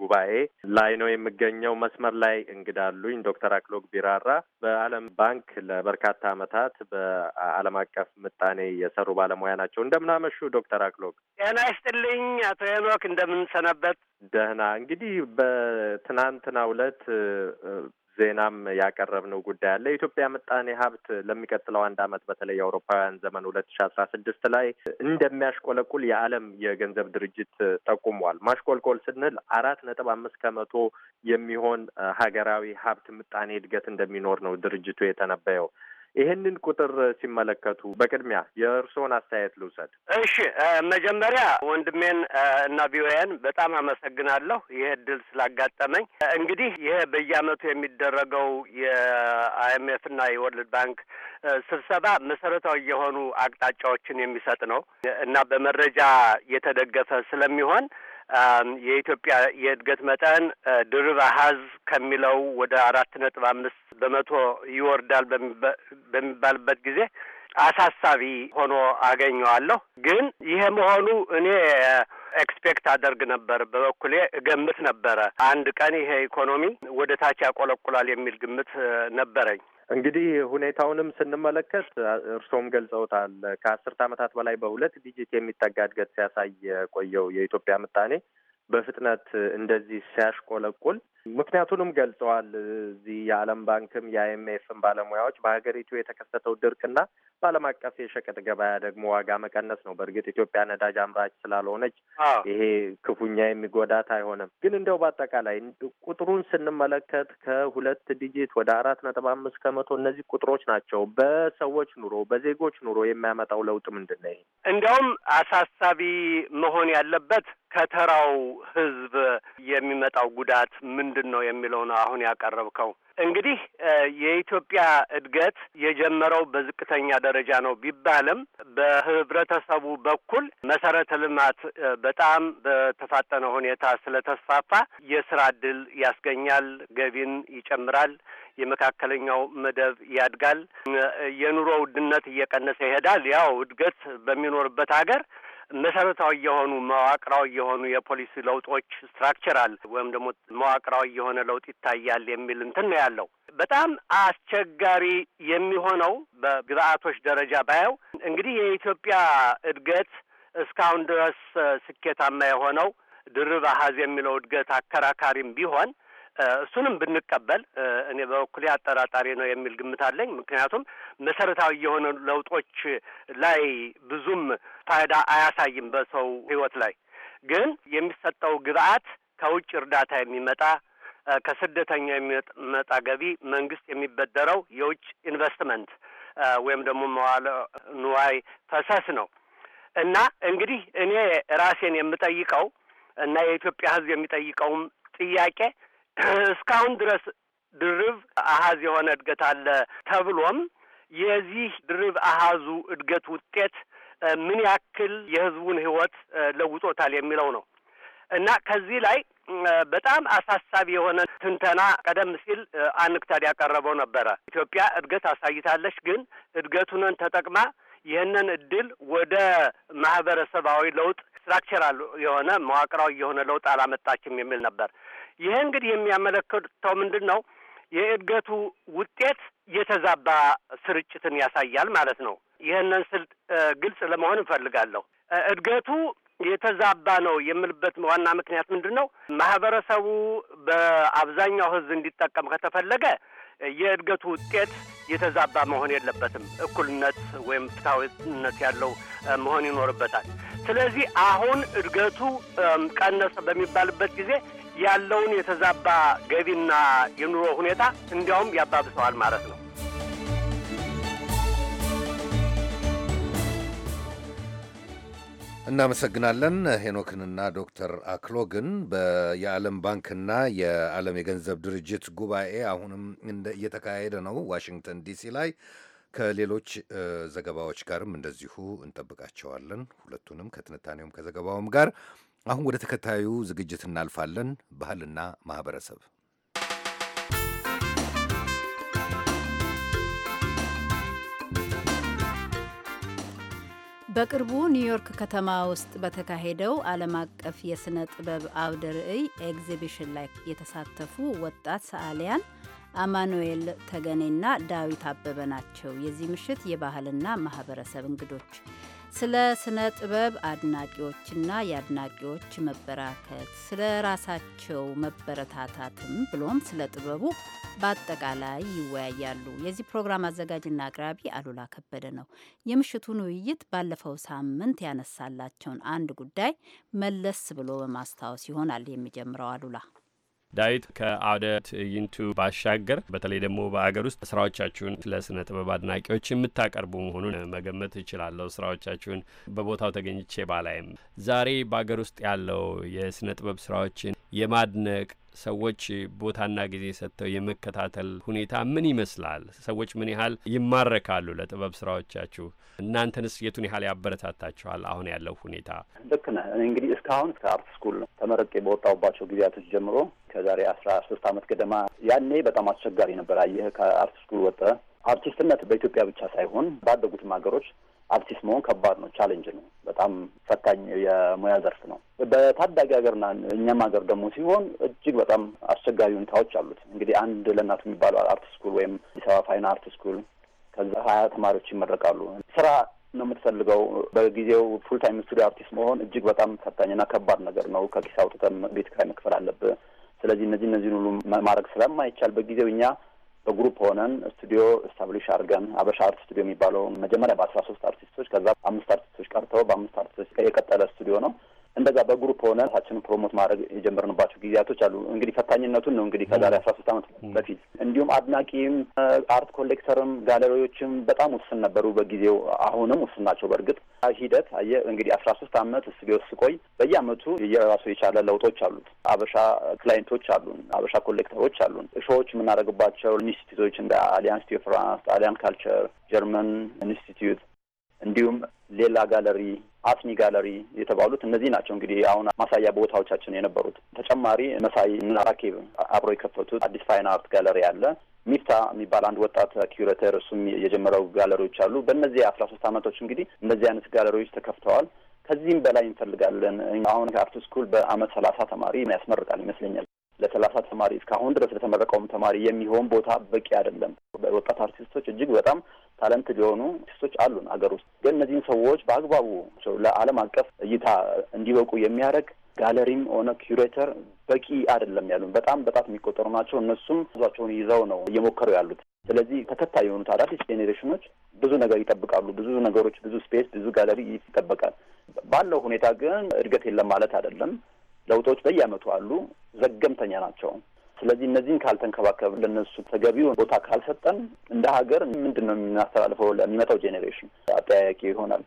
ጉባኤ ላይ ነው የምገኘው። መስመር ላይ እንግዳሉኝ ዶክተር አክሎግ ቢራራ በዓለም ባንክ ለበርካታ አመታት በዓለም አቀፍ ምጣኔ የሰሩ ባለሙያ ናቸው። እንደምናመሹ ዶክተር አክሎግ። ጤና ይስጥልኝ አቶ ሄኖክ እንደምንሰነበት። ደህና እንግዲህ በትናንትናው ዕለት ዜናም ያቀረብነው ጉዳይ አለ። የኢትዮጵያ ምጣኔ ሀብት ለሚቀጥለው አንድ ዓመት በተለይ የአውሮፓውያን ዘመን ሁለት ሺ አስራ ስድስት ላይ እንደሚያሽቆለቁል የዓለም የገንዘብ ድርጅት ጠቁሟል። ማሽቆልቆል ስንል አራት ነጥብ አምስት ከመቶ የሚሆን ሀገራዊ ሀብት ምጣኔ እድገት እንደሚኖር ነው ድርጅቱ የተነበየው። ይህንን ቁጥር ሲመለከቱ በቅድሚያ የእርስዎን አስተያየት ልውሰድ። እሺ፣ መጀመሪያ ወንድሜን እና ቪኦኤን በጣም አመሰግናለሁ ይህ እድል ስላጋጠመኝ። እንግዲህ ይሄ በየአመቱ የሚደረገው የአይኤምኤፍ እና የወርልድ ባንክ ስብሰባ መሰረታዊ የሆኑ አቅጣጫዎችን የሚሰጥ ነው እና በመረጃ የተደገፈ ስለሚሆን የኢትዮጵያ የእድገት መጠን ድርብ አሀዝ ከሚለው ወደ አራት ነጥብ አምስት በመቶ ይወርዳል በሚባልበት ጊዜ አሳሳቢ ሆኖ አገኘዋለሁ። ግን ይሄ መሆኑ እኔ ኤክስፔክት አደርግ ነበር፣ በበኩሌ እገምት ነበረ። አንድ ቀን ይሄ ኢኮኖሚ ወደ ታች ያቆለቁላል የሚል ግምት ነበረኝ። እንግዲህ ሁኔታውንም ስንመለከት እርስዎም ገልጸውታል። ከአስርት ዓመታት በላይ በሁለት ዲጂት የሚጠጋ እድገት ሲያሳይ የቆየው የኢትዮጵያ ምጣኔ በፍጥነት እንደዚህ ሲያሽቆለቁል ምክንያቱንም ገልጸዋል። እዚህ የዓለም ባንክም የአይኤምኤፍም ባለሙያዎች በሀገሪቱ የተከሰተው ድርቅና በዓለም አቀፍ የሸቀጥ ገበያ ደግሞ ዋጋ መቀነስ ነው። በእርግጥ ኢትዮጵያ ነዳጅ አምራች ስላልሆነች ይሄ ክፉኛ የሚጎዳት አይሆንም። ግን እንደው በአጠቃላይ ቁጥሩን ስንመለከት ከሁለት ዲጂት ወደ አራት ነጥብ አምስት ከመቶ እነዚህ ቁጥሮች ናቸው። በሰዎች ኑሮ፣ በዜጎች ኑሮ የሚያመጣው ለውጥ ምንድን ነው? ይሄ አሳሳቢ መሆን ያለበት ከተራው ህዝብ የሚመጣው ጉዳት ምንድን ነው የሚለው ነው አሁን ያቀረብከው። እንግዲህ የኢትዮጵያ እድገት የጀመረው በዝቅተኛ ደረጃ ነው ቢባልም በህብረተሰቡ በኩል መሰረተ ልማት በጣም በተፋጠነ ሁኔታ ስለተስፋፋ የስራ እድል ያስገኛል፣ ገቢን ይጨምራል፣ የመካከለኛው መደብ ያድጋል፣ የኑሮ ውድነት እየቀነሰ ይሄዳል። ያው እድገት በሚኖርበት ሀገር መሰረታዊ የሆኑ መዋቅራዊ የሆኑ የፖሊሲ ለውጦች ስትራክቸራል ወይም ደግሞ መዋቅራዊ የሆነ ለውጥ ይታያል የሚል እንትን ነው ያለው። በጣም አስቸጋሪ የሚሆነው በግብአቶች ደረጃ ባየው እንግዲህ የኢትዮጵያ እድገት እስካሁን ድረስ ስኬታማ የሆነው ድርብ አሀዝ የሚለው እድገት አከራካሪም ቢሆን እሱንም ብንቀበል እኔ በበኩሌ አጠራጣሪ ነው የሚል ግምት አለኝ። ምክንያቱም መሰረታዊ የሆነ ለውጦች ላይ ብዙም ፋይዳ አያሳይም በሰው ህይወት ላይ ግን የሚሰጠው ግብአት ከውጭ እርዳታ የሚመጣ ከስደተኛ የሚመጣ ገቢ፣ መንግስት የሚበደረው የውጭ ኢንቨስትመንት ወይም ደግሞ መዋለ ንዋይ ፈሰስ ነው እና እንግዲህ እኔ ራሴን የምጠይቀው እና የኢትዮጵያ ህዝብ የሚጠይቀውም ጥያቄ እስካሁን ድረስ ድርብ አሀዝ የሆነ እድገት አለ ተብሎም የዚህ ድርብ አሀዙ እድገት ውጤት ምን ያክል የህዝቡን ህይወት ለውጦታል የሚለው ነው እና ከዚህ ላይ በጣም አሳሳቢ የሆነ ትንተና ቀደም ሲል አንክታድ ያቀረበው ነበረ። ኢትዮጵያ እድገት አሳይታለች፣ ግን እድገቱንን ተጠቅማ ይህንን እድል ወደ ማህበረሰባዊ ለውጥ ስትራክቸራል የሆነ መዋቅራዊ የሆነ ለውጥ አላመጣችም የሚል ነበር። ይህ እንግዲህ የሚያመለክተው ምንድን ነው? የእድገቱ ውጤት የተዛባ ስርጭትን ያሳያል ማለት ነው። ይህንን ስል ግልጽ ለመሆን እንፈልጋለሁ። እድገቱ የተዛባ ነው የምልበት ዋና ምክንያት ምንድን ነው? ማህበረሰቡ በአብዛኛው ህዝብ እንዲጠቀም ከተፈለገ የእድገቱ ውጤት የተዛባ መሆን የለበትም። እኩልነት ወይም ፍትሐዊነት ያለው መሆን ይኖርበታል። ስለዚህ አሁን እድገቱ ቀነሰ በሚባልበት ጊዜ ያለውን የተዛባ ገቢና የኑሮ ሁኔታ እንዲያውም ያባብሰዋል ማለት ነው። እናመሰግናለን ሄኖክንና ዶክተር አክሎግን። የዓለም ባንክና የዓለም የገንዘብ ድርጅት ጉባኤ አሁንም እየተካሄደ ነው ዋሽንግተን ዲሲ ላይ። ከሌሎች ዘገባዎች ጋርም እንደዚሁ እንጠብቃቸዋለን፣ ሁለቱንም ከትንታኔውም ከዘገባውም ጋር። አሁን ወደ ተከታዩ ዝግጅት እናልፋለን። ባህልና ማህበረሰብ በቅርቡ ኒውዮርክ ከተማ ውስጥ በተካሄደው ዓለም አቀፍ የሥነ ጥበብ አውደ ርዕይ ኤግዚቢሽን ላይ የተሳተፉ ወጣት ሰዓሊያን አማኑኤል ተገኔና ዳዊት አበበ ናቸው የዚህ ምሽት የባህልና ማህበረሰብ እንግዶች። ስለ ስነ ጥበብ አድናቂዎችና የአድናቂዎች መበራከት፣ ስለ ራሳቸው መበረታታትም ብሎም ስለ ጥበቡ በአጠቃላይ ይወያያሉ። የዚህ ፕሮግራም አዘጋጅና አቅራቢ አሉላ ከበደ ነው። የምሽቱን ውይይት ባለፈው ሳምንት ያነሳላቸውን አንድ ጉዳይ መለስ ብሎ በማስታወስ ይሆናል የሚጀምረው አሉላ ዳዊት ከአውደ ትዕይንቱ ባሻገር በተለይ ደግሞ በአገር ውስጥ ስራዎቻችሁን ለስነ ጥበብ አድናቂዎች የምታቀርቡ መሆኑን መገመት እችላለሁ። ስራዎቻችሁን በቦታው ተገኝቼ ባላይም ዛሬ በአገር ውስጥ ያለው የስነ ጥበብ ስራዎችን የማድነቅ ሰዎች ቦታና ጊዜ ሰጥተው የመከታተል ሁኔታ ምን ይመስላል? ሰዎች ምን ያህል ይማረካሉ ለጥበብ ስራዎቻችሁ? እናንተንስ የቱን ያህል ያበረታታችኋል? አሁን ያለው ሁኔታ ልክ ነህ። እንግዲህ እስካሁን አርት ስኩል ተመረቄ በወጣሁባቸው ጊዜያቶች ጀምሮ ከዛሬ አስራ ሶስት ዓመት ገደማ ያኔ በጣም አስቸጋሪ ነበር። አየህ ከአርት ስኩል ወጥተህ አርቲስትነት በኢትዮጵያ ብቻ ሳይሆን ባደጉትም ሀገሮች አርቲስት መሆን ከባድ ነው፣ ቻሌንጅ ነው፣ በጣም ፈታኝ የሙያ ዘርፍ ነው። በታዳጊ ሀገርና እኛም ሀገር ደግሞ ሲሆን እጅግ በጣም አስቸጋሪ ሁኔታዎች አሉት። እንግዲህ አንድ ለእናቱ የሚባለው አርት ስኩል ወይም አዲስ አበባ ፋይን አርት ስኩል ከዛ ሀያ ተማሪዎች ይመረቃሉ። ስራ ነው የምትፈልገው። በጊዜው ፉል ታይም ስቱዲዮ አርቲስት መሆን እጅግ በጣም ፈታኝና ከባድ ነገር ነው። ከኪስ አውጥተን ቤት ኪራይ መክፈል አለብህ። ስለዚህ እነዚህ እነዚህን ሁሉ ማድረግ ስለማይቻል በጊዜው እኛ በግሩፕ ሆነን ስቱዲዮ ስታብሊሽ አድርገን አበሻ አርት ስቱዲዮ የሚባለው መጀመሪያ በአስራ ሶስት አርቲስቶች ከዛ አምስት አርቲስቶች ቀርተው በአምስት አርቲስቶች የቀጠለ ስቱዲዮ ነው። እንደዛ በግሩፕ ሆነ ራሳችንን ፕሮሞት ማድረግ የጀመርንባቸው ጊዜያቶች አሉ። እንግዲህ ፈታኝነቱን ነው እንግዲህ ከዛሬ አስራ ሶስት አመት በፊት እንዲሁም አድናቂም አርት ኮሌክተርም ጋለሪዎችም በጣም ውስን ነበሩ በጊዜው። አሁንም ውስን ናቸው። በእርግጥ ሂደት አየ እንግዲህ አስራ ሶስት አመት ስቢወስ ስቆይ በየአመቱ የራሱ የቻለ ለውጦች አሉት። አበሻ ክላይንቶች አሉን፣ አበሻ ኮሌክተሮች አሉን። ሾዎች የምናደርግባቸው ኢንስቲትዩቶች እንደ አሊያንስ ቲ ፍራንስ፣ ጣሊያን ካልቸር፣ ጀርመን ኢንስቲትዩት እንዲሁም ሌላ ጋለሪ፣ አስሚ ጋለሪ የተባሉት እነዚህ ናቸው። እንግዲህ አሁን ማሳያ ቦታዎቻችን የነበሩት ተጨማሪ መሳይ እና ራኬብ አብሮ የከፈቱት አዲስ ፋይን አርት ጋለሪ አለ። ሚፍታ የሚባል አንድ ወጣት ኪዩሬተር እሱም የጀመረው ጋለሪዎች አሉ። በእነዚህ አስራ ሶስት አመቶች እንግዲህ እነዚህ አይነት ጋለሪዎች ተከፍተዋል። ከዚህም በላይ እንፈልጋለን። አሁን ከአርት ስኩል በአመት ሰላሳ ተማሪ ያስመርቃል ይመስለኛል። ለሰላሳ ተማሪ እስካሁን ድረስ ለተመረቀውም ተማሪ የሚሆን ቦታ በቂ አይደለም። ወጣት አርቲስቶች እጅግ በጣም ታለንት ሊሆኑ አርቲስቶች አሉን አገር ውስጥ። ግን እነዚህን ሰዎች በአግባቡ ለዓለም አቀፍ እይታ እንዲበቁ የሚያደርግ ጋለሪም ሆነ ኪሬተር በቂ አይደለም ያሉን። በጣም በጣት የሚቆጠሩ ናቸው። እነሱም ብዙቸውን ይዘው ነው እየሞከሩ ያሉት። ስለዚህ ተከታይ የሆኑት አዳዲስ ጄኔሬሽኖች ብዙ ነገር ይጠብቃሉ። ብዙ ነገሮች፣ ብዙ ስፔስ፣ ብዙ ጋለሪ ይጠበቃል። ባለው ሁኔታ ግን እድገት የለም ማለት አይደለም። ለውጦች በየአመቱ አሉ። ዘገምተኛ ናቸው። ስለዚህ እነዚህን ካልተንከባከብ ለነሱ ተገቢውን ቦታ ካልሰጠን እንደ ሀገር ምንድን ነው የምናስተላልፈው ለሚመጣው ጄኔሬሽን አጠያያቂ ይሆናል።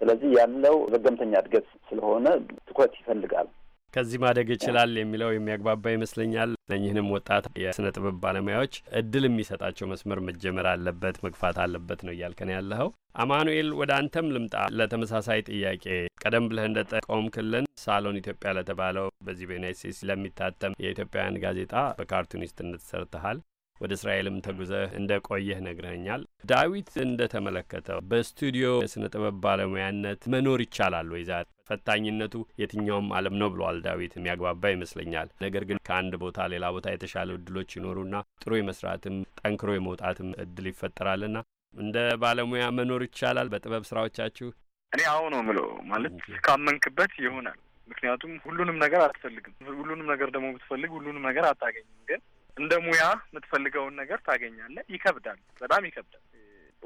ስለዚህ ያለው ዘገምተኛ እድገት ስለሆነ ትኩረት ይፈልጋል። ከዚህ ማደግ ይችላል የሚለው የሚያግባባ ይመስለኛል። እነኝህንም ወጣት የስነ ጥበብ ባለሙያዎች እድል የሚሰጣቸው መስመር መጀመር አለበት፣ መግፋት አለበት ነው እያልከን ያለኸው። አማኑኤል፣ ወደ አንተም ልምጣ። ለተመሳሳይ ጥያቄ ቀደም ብለህ እንደ ጠቆምክልን ሳሎን ኢትዮጵያ ለተባለው በዚህ በዩናይት ስቴትስ ለሚታተም የኢትዮጵያውያን ጋዜጣ በካርቱኒስትነት ሰርተሃል። ወደ እስራኤልም ተጉዘህ እንደ ቆየህ ነግረኛል። ዳዊት እንደ ተመለከተው በስቱዲዮ የስነ ጥበብ ባለሙያነት መኖር ይቻላል ወይ? ዛሬ ፈታኝነቱ የትኛውም ዓለም ነው ብሏል ዳዊት። የሚያግባባ ይመስለኛል። ነገር ግን ከአንድ ቦታ ሌላ ቦታ የተሻለ እድሎች ይኖሩና ጥሩ የመስራትም ጠንክሮ የመውጣትም እድል ይፈጠራልና እንደ ባለሙያ መኖር ይቻላል በጥበብ ስራዎቻችሁ? እኔ አሁ ነው የምለው። ማለት ካመንክበት ይሆናል። ምክንያቱም ሁሉንም ነገር አትፈልግም። ሁሉንም ነገር ደግሞ ብትፈልግ ሁሉንም ነገር አታገኝም። ግን እንደ ሙያ የምትፈልገውን ነገር ታገኛለህ። ይከብዳል፣ በጣም ይከብዳል።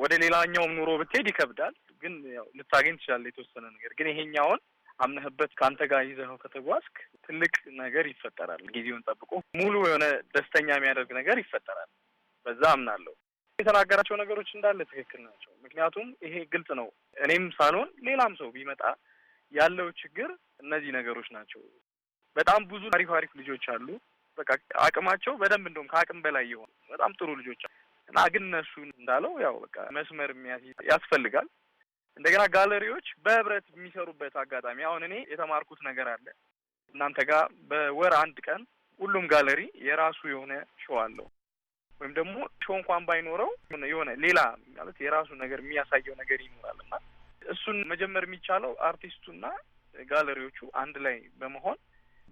ወደ ሌላኛውም ኑሮ ብትሄድ ይከብዳል፣ ግን ያው ልታገኝ ትችላለህ የተወሰነ ነገር። ግን ይሄኛውን አምነህበት ከአንተ ጋር ይዘኸው ከተጓዝክ ትልቅ ነገር ይፈጠራል። ጊዜውን ጠብቆ ሙሉ የሆነ ደስተኛ የሚያደርግ ነገር ይፈጠራል። በዛ አምናለሁ። የተናገራቸው ነገሮች እንዳለ ትክክል ናቸው። ምክንያቱም ይሄ ግልጽ ነው። እኔም ሳልሆን ሌላም ሰው ቢመጣ ያለው ችግር እነዚህ ነገሮች ናቸው። በጣም ብዙ አሪፍ አሪፍ ልጆች አሉ በቃ አቅማቸው በደንብ እንደውም ከአቅም በላይ የሆኑ በጣም ጥሩ ልጆች እና ግን እነሱ እንዳለው ያው በቃ መስመር የሚያስ ያስፈልጋል። እንደገና ጋለሪዎች በህብረት የሚሰሩበት አጋጣሚ አሁን እኔ የተማርኩት ነገር አለ እናንተ ጋር በወር አንድ ቀን ሁሉም ጋለሪ የራሱ የሆነ ሾው አለው ወይም ደግሞ ሾው እንኳን ባይኖረው የሆነ ሌላ ማለት የራሱ ነገር የሚያሳየው ነገር ይኖራል እና እሱን መጀመር የሚቻለው አርቲስቱና ጋለሪዎቹ አንድ ላይ በመሆን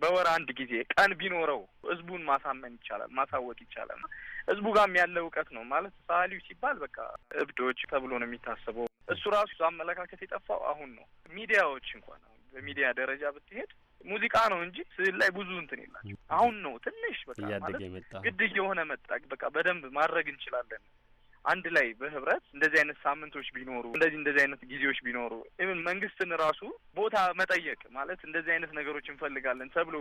በወር አንድ ጊዜ ቀን ቢኖረው ህዝቡን ማሳመን ይቻላል፣ ማሳወቅ ይቻላል። ህዝቡ ጋም ያለ እውቀት ነው ማለት ሰዓሊው ሲባል በቃ እብዶች ተብሎ ነው የሚታሰበው። እሱ ራሱ አመለካከት የጠፋው አሁን ነው። ሚዲያዎች እንኳን በሚዲያ ደረጃ ብትሄድ ሙዚቃ ነው እንጂ ስዕል ላይ ብዙ እንትን የላቸው። አሁን ነው ትንሽ በቃ ማለት ግድ እየሆነ መጣ። በቃ በደንብ ማድረግ እንችላለን አንድ ላይ በህብረት እንደዚህ አይነት ሳምንቶች ቢኖሩ እንደዚህ እንደዚህ አይነት ጊዜዎች ቢኖሩ ኢቭን መንግስትን ራሱ ቦታ መጠየቅ ማለት እንደዚህ አይነት ነገሮች እንፈልጋለን ተብሎ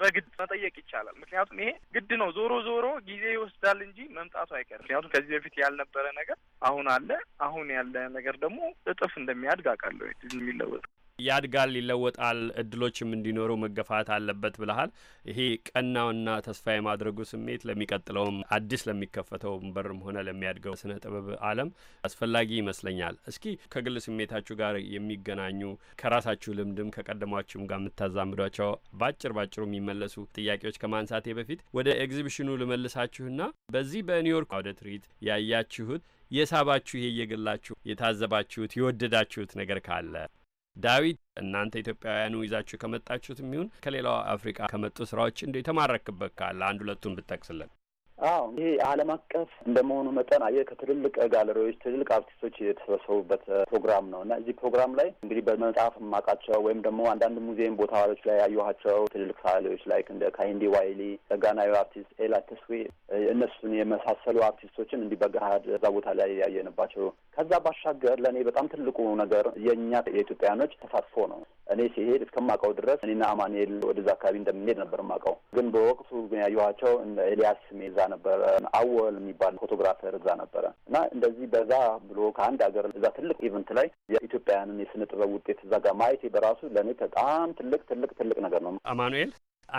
በግድ መጠየቅ ይቻላል። ምክንያቱም ይሄ ግድ ነው። ዞሮ ዞሮ ጊዜ ይወስዳል እንጂ መምጣቱ አይቀርም። ምክንያቱም ከዚህ በፊት ያልነበረ ነገር አሁን አለ። አሁን ያለ ነገር ደግሞ እጥፍ እንደሚያድግ አውቃለሁ የሚለወጥ ያድጋል፣ ይለወጣል፣ እድሎችም እንዲኖሩ መገፋት አለበት ብለሃል። ይሄ ቀናውና ተስፋ የማድረጉ ስሜት ለሚቀጥለውም አዲስ ለሚከፈተው በርም ሆነ ለሚያድገው ስነ ጥበብ ዓለም አስፈላጊ ይመስለኛል። እስኪ ከግል ስሜታችሁ ጋር የሚገናኙ ከራሳችሁ ልምድም ከቀደሟችሁም ጋር የምታዛምዷቸው ባጭር ባጭሩ የሚመለሱ ጥያቄዎች ከማንሳቴ በፊት ወደ ኤግዚቢሽኑ ልመልሳችሁና በዚህ በኒውዮርክ አውደ ትርኢት ያያችሁት የሳባችሁ የግላችሁ የታዘባችሁት የወደዳችሁት ነገር ካለ ዳዊት እናንተ ኢትዮጵያውያኑ ይዛችሁ ከመጣችሁት የሚሆን ከሌላው አፍሪካ ከመጡ ስራዎች እንደ የተማረክበት ካለ አንድ ሁለቱን ብጠቅስልን። አዎ ይሄ ዓለም አቀፍ እንደመሆኑ መጠን አየ ከትልልቅ ጋለሪዎች ትልልቅ አርቲስቶች የተሰበሰቡበት ፕሮግራም ነው እና እዚህ ፕሮግራም ላይ እንግዲህ በመጽሐፍ የማውቃቸው ወይም ደግሞ አንዳንድ ሙዚየም ቦታዎች ላይ ያየኋቸው ትልልቅ ሳሌዎች ላይ እንደ ካሂንዲ ዋይሊ፣ ጋናዊ አርቲስት ኤላ ተስዌ እነሱን የመሳሰሉ አርቲስቶችን እንዲህ በገሃድ እዛ ቦታ ላይ ያየንባቸው። ከዛ ባሻገር ለእኔ በጣም ትልቁ ነገር የእኛ የኢትዮጵያኖች ተሳትፎ ነው። እኔ ሲሄድ እስከማውቀው ድረስ እኔና አማኑኤል ወደዛ አካባቢ እንደምንሄድ ነበር የማውቀው። ግን በወቅቱ ግን ያየኋቸው ኤልያስ ሜዛ ነበረ። አወል የሚባል ፎቶግራፈር እዛ ነበረ እና እንደዚህ በዛ ብሎ ከአንድ ሀገር እዛ ትልቅ ኢቨንት ላይ የኢትዮጵያውያንን የስነ ጥበብ ውጤት እዛ ጋር ማየቴ በራሱ ለእኔ በጣም ትልቅ ትልቅ ትልቅ ነገር ነው። አማኑኤል፣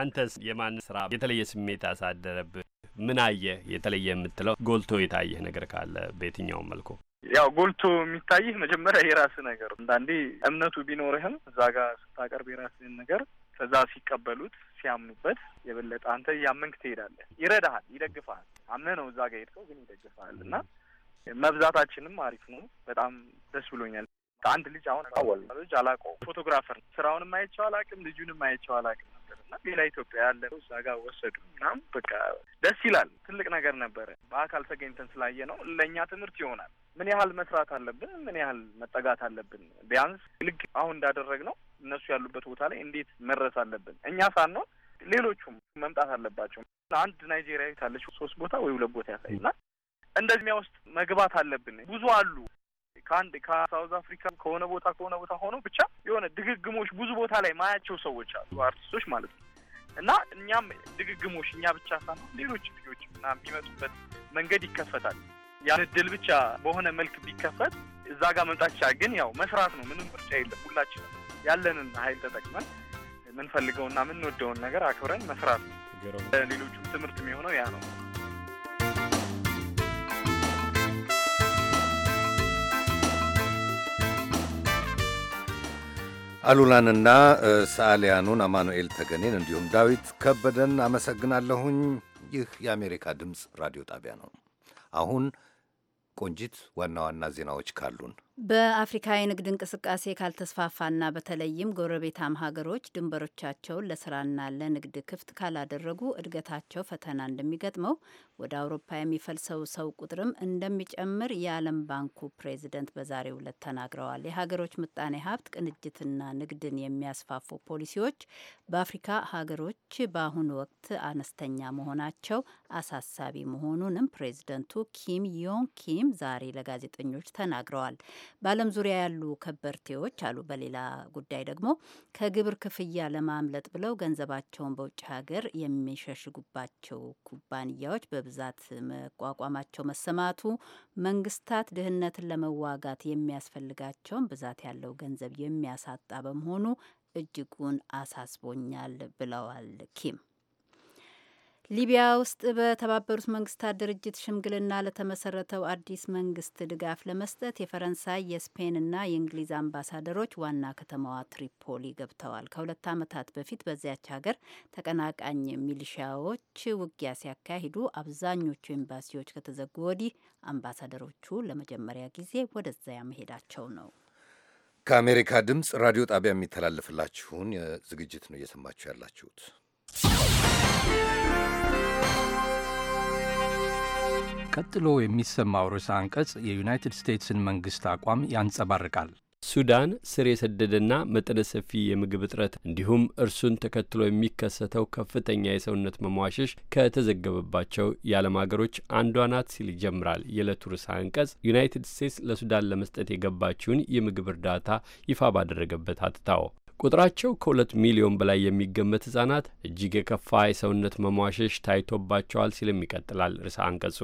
አንተስ የማን ስራ የተለየ ስሜት አሳደረብህ? ምን አየህ የተለየ የምትለው ጎልቶ የታየህ ነገር ካለ በየትኛውም መልኩ? ያው ጎልቶ የሚታይህ መጀመሪያ የራስህ ነገር አንዳንዴ እምነቱ ቢኖርህም እዛ ጋር ስታቀርብ የራስህን ነገር ከዛ ሲቀበሉት ሲያምኑበት የበለጠ አንተ እያመንክ ትሄዳለህ። ይረዳሃል፣ ይደግፈሃል። አምነህ ነው እዛ ጋር ሄድከው ግን ይደግፈሃል እና መብዛታችንም አሪፍ ነው። በጣም ደስ ብሎኛል። አንድ ልጅ አሁን ልጅ አላውቀውም፣ ፎቶግራፈር ነው። ስራውንም አይቼው አላውቅም፣ ልጁንም አይቼው አላውቅም ነበር እና ሌላ ኢትዮጵያ ያለ ነው እዛ ጋር ወሰዱ እናም በቃ ደስ ይላል። ትልቅ ነገር ነበረ። በአካል ተገኝተን ስላየ ነው ለእኛ ትምህርት ይሆናል። ምን ያህል መስራት አለብን፣ ምን ያህል መጠጋት አለብን። ቢያንስ ልክ አሁን እንዳደረግ ነው እነሱ ያሉበት ቦታ ላይ እንዴት መድረስ አለብን እኛ ሳንሆን ሌሎቹም መምጣት አለባቸው። አንድ ናይጄሪያ ታለች ሶስት ቦታ ወይ ሁለት ቦታ ያሳይና እንደዚያ ውስጥ መግባት አለብን። ብዙ አሉ ከአንድ ከሳውዝ አፍሪካ ከሆነ ቦታ ከሆነ ቦታ ሆኖ ብቻ የሆነ ድግግሞች ብዙ ቦታ ላይ ማያቸው ሰዎች አሉ፣ አርቲስቶች ማለት ነው። እና እኛም ድግግሞች እኛ ብቻ ሳይሆን ሌሎች ልጆች እና የሚመጡበት መንገድ ይከፈታል። ያን እድል ብቻ በሆነ መልክ ቢከፈት እዛ ጋር መምጣት ቻ ግን ያው መስራት ነው፣ ምንም ምርጫ የለም ሁላችንም ያለንን ኃይል ተጠቅመን የምንፈልገውና የምንወደውን ነገር አክብረን መስራት ነው። ሌሎቹም ትምህርት የሚሆነው ያ ነው። አሉላንና ሰዓሊያኑን አማኑኤል ተገኔን እንዲሁም ዳዊት ከበደን አመሰግናለሁኝ። ይህ የአሜሪካ ድምፅ ራዲዮ ጣቢያ ነው። አሁን ቆንጂት፣ ዋና ዋና ዜናዎች ካሉን በአፍሪካ የንግድ እንቅስቃሴ ካልተስፋፋና በተለይም ጎረቤታም ሀገሮች ድንበሮቻቸውን ለስራና ለንግድ ክፍት ካላደረጉ እድገታቸው ፈተና እንደሚገጥመው፣ ወደ አውሮፓ የሚፈልሰው ሰው ቁጥርም እንደሚጨምር የዓለም ባንኩ ፕሬዚደንት በዛሬው ዕለት ተናግረዋል። የሀገሮች ምጣኔ ሀብት ቅንጅትና ንግድን የሚያስፋፉ ፖሊሲዎች በአፍሪካ ሀገሮች በአሁኑ ወቅት አነስተኛ መሆናቸው አሳሳቢ መሆኑንም ፕሬዚደንቱ ኪም ዮን ኪም ዛሬ ለጋዜጠኞች ተናግረዋል። በዓለም ዙሪያ ያሉ ከበርቴዎች አሉ። በሌላ ጉዳይ ደግሞ ከግብር ክፍያ ለማምለጥ ብለው ገንዘባቸውን በውጭ ሀገር የሚሸሽጉባቸው ኩባንያዎች በብዛት መቋቋማቸው መሰማቱ መንግስታት ድህነትን ለመዋጋት የሚያስፈልጋቸውን ብዛት ያለው ገንዘብ የሚያሳጣ በመሆኑ እጅጉን አሳስቦኛል ብለዋል ኪም ሊቢያ ውስጥ በተባበሩት መንግስታት ድርጅት ሽምግልና ለተመሰረተው አዲስ መንግስት ድጋፍ ለመስጠት የፈረንሳይ የስፔንና የእንግሊዝ አምባሳደሮች ዋና ከተማዋ ትሪፖሊ ገብተዋል። ከሁለት ዓመታት በፊት በዚያች ሀገር ተቀናቃኝ ሚሊሺያዎች ውጊያ ሲያካሂዱ አብዛኞቹ ኤምባሲዎች ከተዘጉ ወዲህ አምባሳደሮቹ ለመጀመሪያ ጊዜ ወደዚያ መሄዳቸው ነው። ከአሜሪካ ድምፅ ራዲዮ ጣቢያ የሚተላለፍላችሁን ዝግጅት ነው እየሰማችሁ ያላችሁት። ቀጥሎ የሚሰማው ርዕሰ አንቀጽ የዩናይትድ ስቴትስን መንግሥት አቋም ያንጸባርቃል። ሱዳን ስር የሰደደና መጠነ ሰፊ የምግብ እጥረት እንዲሁም እርሱን ተከትሎ የሚከሰተው ከፍተኛ የሰውነት መሟሸሽ ከተዘገበባቸው የዓለም ሀገሮች አንዷ ናት ሲል ይጀምራል የዕለቱ ርዕሰ አንቀጽ ዩናይትድ ስቴትስ ለሱዳን ለመስጠት የገባችውን የምግብ እርዳታ ይፋ ባደረገበት አትታው ቁጥራቸው ከሁለት ሚሊዮን በላይ የሚገመት ህጻናት እጅግ የከፋ የሰውነት መሟሸሽ ታይቶባቸዋል ሲልም ይቀጥላል ርዕሰ አንቀጹ።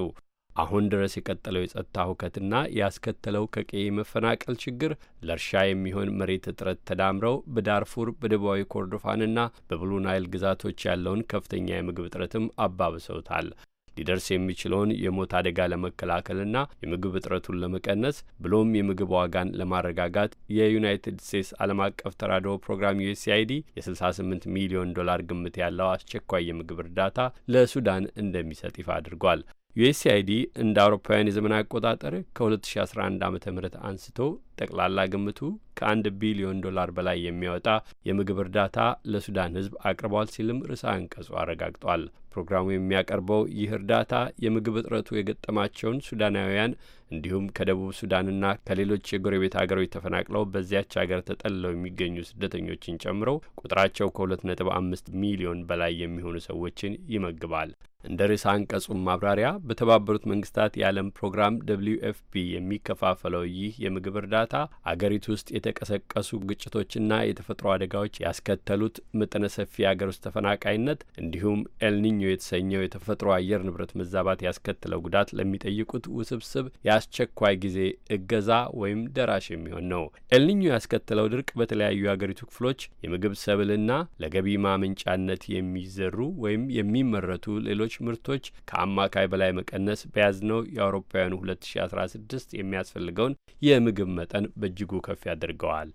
አሁን ድረስ የቀጠለው የጸጥታ ሁከትና ያስከተለው ከቀዬ መፈናቀል ችግር ለእርሻ የሚሆን መሬት እጥረት ተዳምረው በዳርፉር በደቡባዊ ኮርዶፋንና በብሉ ናይል ግዛቶች ያለውን ከፍተኛ የምግብ እጥረትም አባብሰውታል። ሊደርስ የሚችለውን የሞት አደጋ ለመከላከልና የምግብ እጥረቱን ለመቀነስ ብሎም የምግብ ዋጋን ለማረጋጋት የዩናይትድ ስቴትስ ዓለም አቀፍ ተራድኦ ፕሮግራም ዩኤስአይዲ የ68 ሚሊዮን ዶላር ግምት ያለው አስቸኳይ የምግብ እርዳታ ለሱዳን እንደሚሰጥ ይፋ አድርጓል። ዩኤስአይዲ እንደ አውሮፓውያን የዘመን አቆጣጠር ከ2011 ዓ ም አንስቶ ጠቅላላ ግምቱ ከአንድ ቢሊዮን ዶላር በላይ የሚያወጣ የምግብ እርዳታ ለሱዳን ሕዝብ አቅርቧል ሲልም ርዕሰ አንቀጹ አረጋግጧል። ፕሮግራሙ የሚያቀርበው ይህ እርዳታ የምግብ እጥረቱ የገጠማቸውን ሱዳናውያን እንዲሁም ከደቡብ ሱዳንና ከሌሎች የጎረቤት ሀገሮች ተፈናቅለው በዚያች ሀገር ተጠልለው የሚገኙ ስደተኞችን ጨምሮ ቁጥራቸው ከሁለት ነጥብ አምስት ሚሊዮን በላይ የሚሆኑ ሰዎችን ይመግባል። እንደ ርዕሰ አንቀጹ ማብራሪያ በተባበሩት መንግስታት የዓለም ፕሮግራም ደብልዩ ኤፍ ፒ የሚከፋፈለው ይህ የምግብ እርዳታ እርዳታ አገሪቱ ውስጥ የተቀሰቀሱ ግጭቶችና የተፈጥሮ አደጋዎች ያስከተሉት መጠነ ሰፊ የአገር ውስጥ ተፈናቃይነት እንዲሁም ኤልኒኞ የተሰኘው የተፈጥሮ አየር ንብረት መዛባት ያስከተለው ጉዳት ለሚጠይቁት ውስብስብ የአስቸኳይ ጊዜ እገዛ ወይም ደራሽ የሚሆን ነው። ኤልኒኞ ያስከተለው ድርቅ በተለያዩ የአገሪቱ ክፍሎች የምግብ ሰብልና ለገቢ ማመንጫነት የሚዘሩ ወይም የሚመረቱ ሌሎች ምርቶች ከአማካይ በላይ መቀነስ በያዝነው የአውሮፓውያኑ 2016 የሚያስፈልገውን የምግብ መጠ መጠን በእጅጉ ከፍ ያደርገዋል።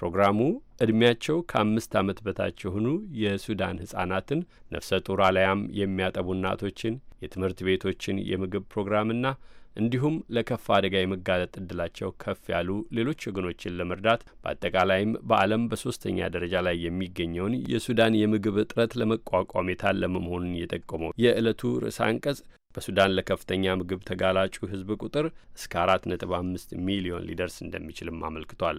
ፕሮግራሙ ዕድሜያቸው ከአምስት ዓመት በታች የሆኑ የሱዳን ሕፃናትን፣ ነፍሰ ጡር አልያም የሚያጠቡ እናቶችን፣ የትምህርት ቤቶችን የምግብ ፕሮግራምና እንዲሁም ለከፋ አደጋ የመጋለጥ እድላቸው ከፍ ያሉ ሌሎች ወገኖችን ለመርዳት በአጠቃላይም በዓለም በሶስተኛ ደረጃ ላይ የሚገኘውን የሱዳን የምግብ እጥረት ለመቋቋም የታለመ መሆኑን የጠቆመው የዕለቱ ርዕሰ አንቀጽ በሱዳን ለከፍተኛ ምግብ ተጋላጩ ህዝብ ቁጥር እስከ አምስት ሚሊዮን ሊደርስ እንደሚችልም አመልክቷል።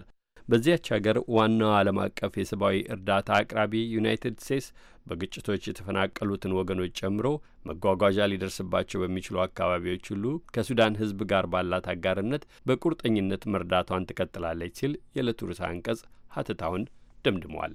በዚያች ሀገር ዋናው ዓለም አቀፍ የሰብአዊ እርዳታ አቅራቢ ዩናይትድ ስቴትስ በግጭቶች የተፈናቀሉትን ወገኖች ጨምሮ መጓጓዣ ሊደርስባቸው በሚችሉ አካባቢዎች ሁሉ ከሱዳን ህዝብ ጋር ባላት አጋርነት በቁርጠኝነት መርዳቷን ትቀጥላለች ሲል የዕለቱ ርዕሰ አንቀጽ ሀተታውን ደምድሟል።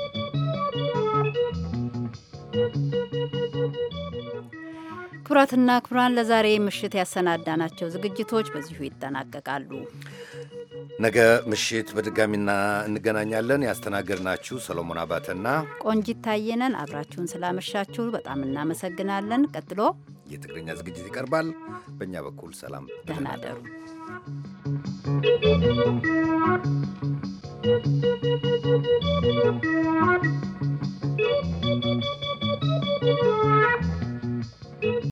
ክቡራትና ክቡራን ለዛሬ ምሽት ያሰናዳናቸው ዝግጅቶች በዚሁ ይጠናቀቃሉ። ነገ ምሽት በድጋሚና እንገናኛለን። ያስተናገድናችሁ ሰሎሞን አባተና ቆንጂት ታየነን። አብራችሁን ስላመሻችሁ በጣም እናመሰግናለን። ቀጥሎ የትግርኛ ዝግጅት ይቀርባል። በእኛ በኩል ሰላም፣ ደህና ደሩ።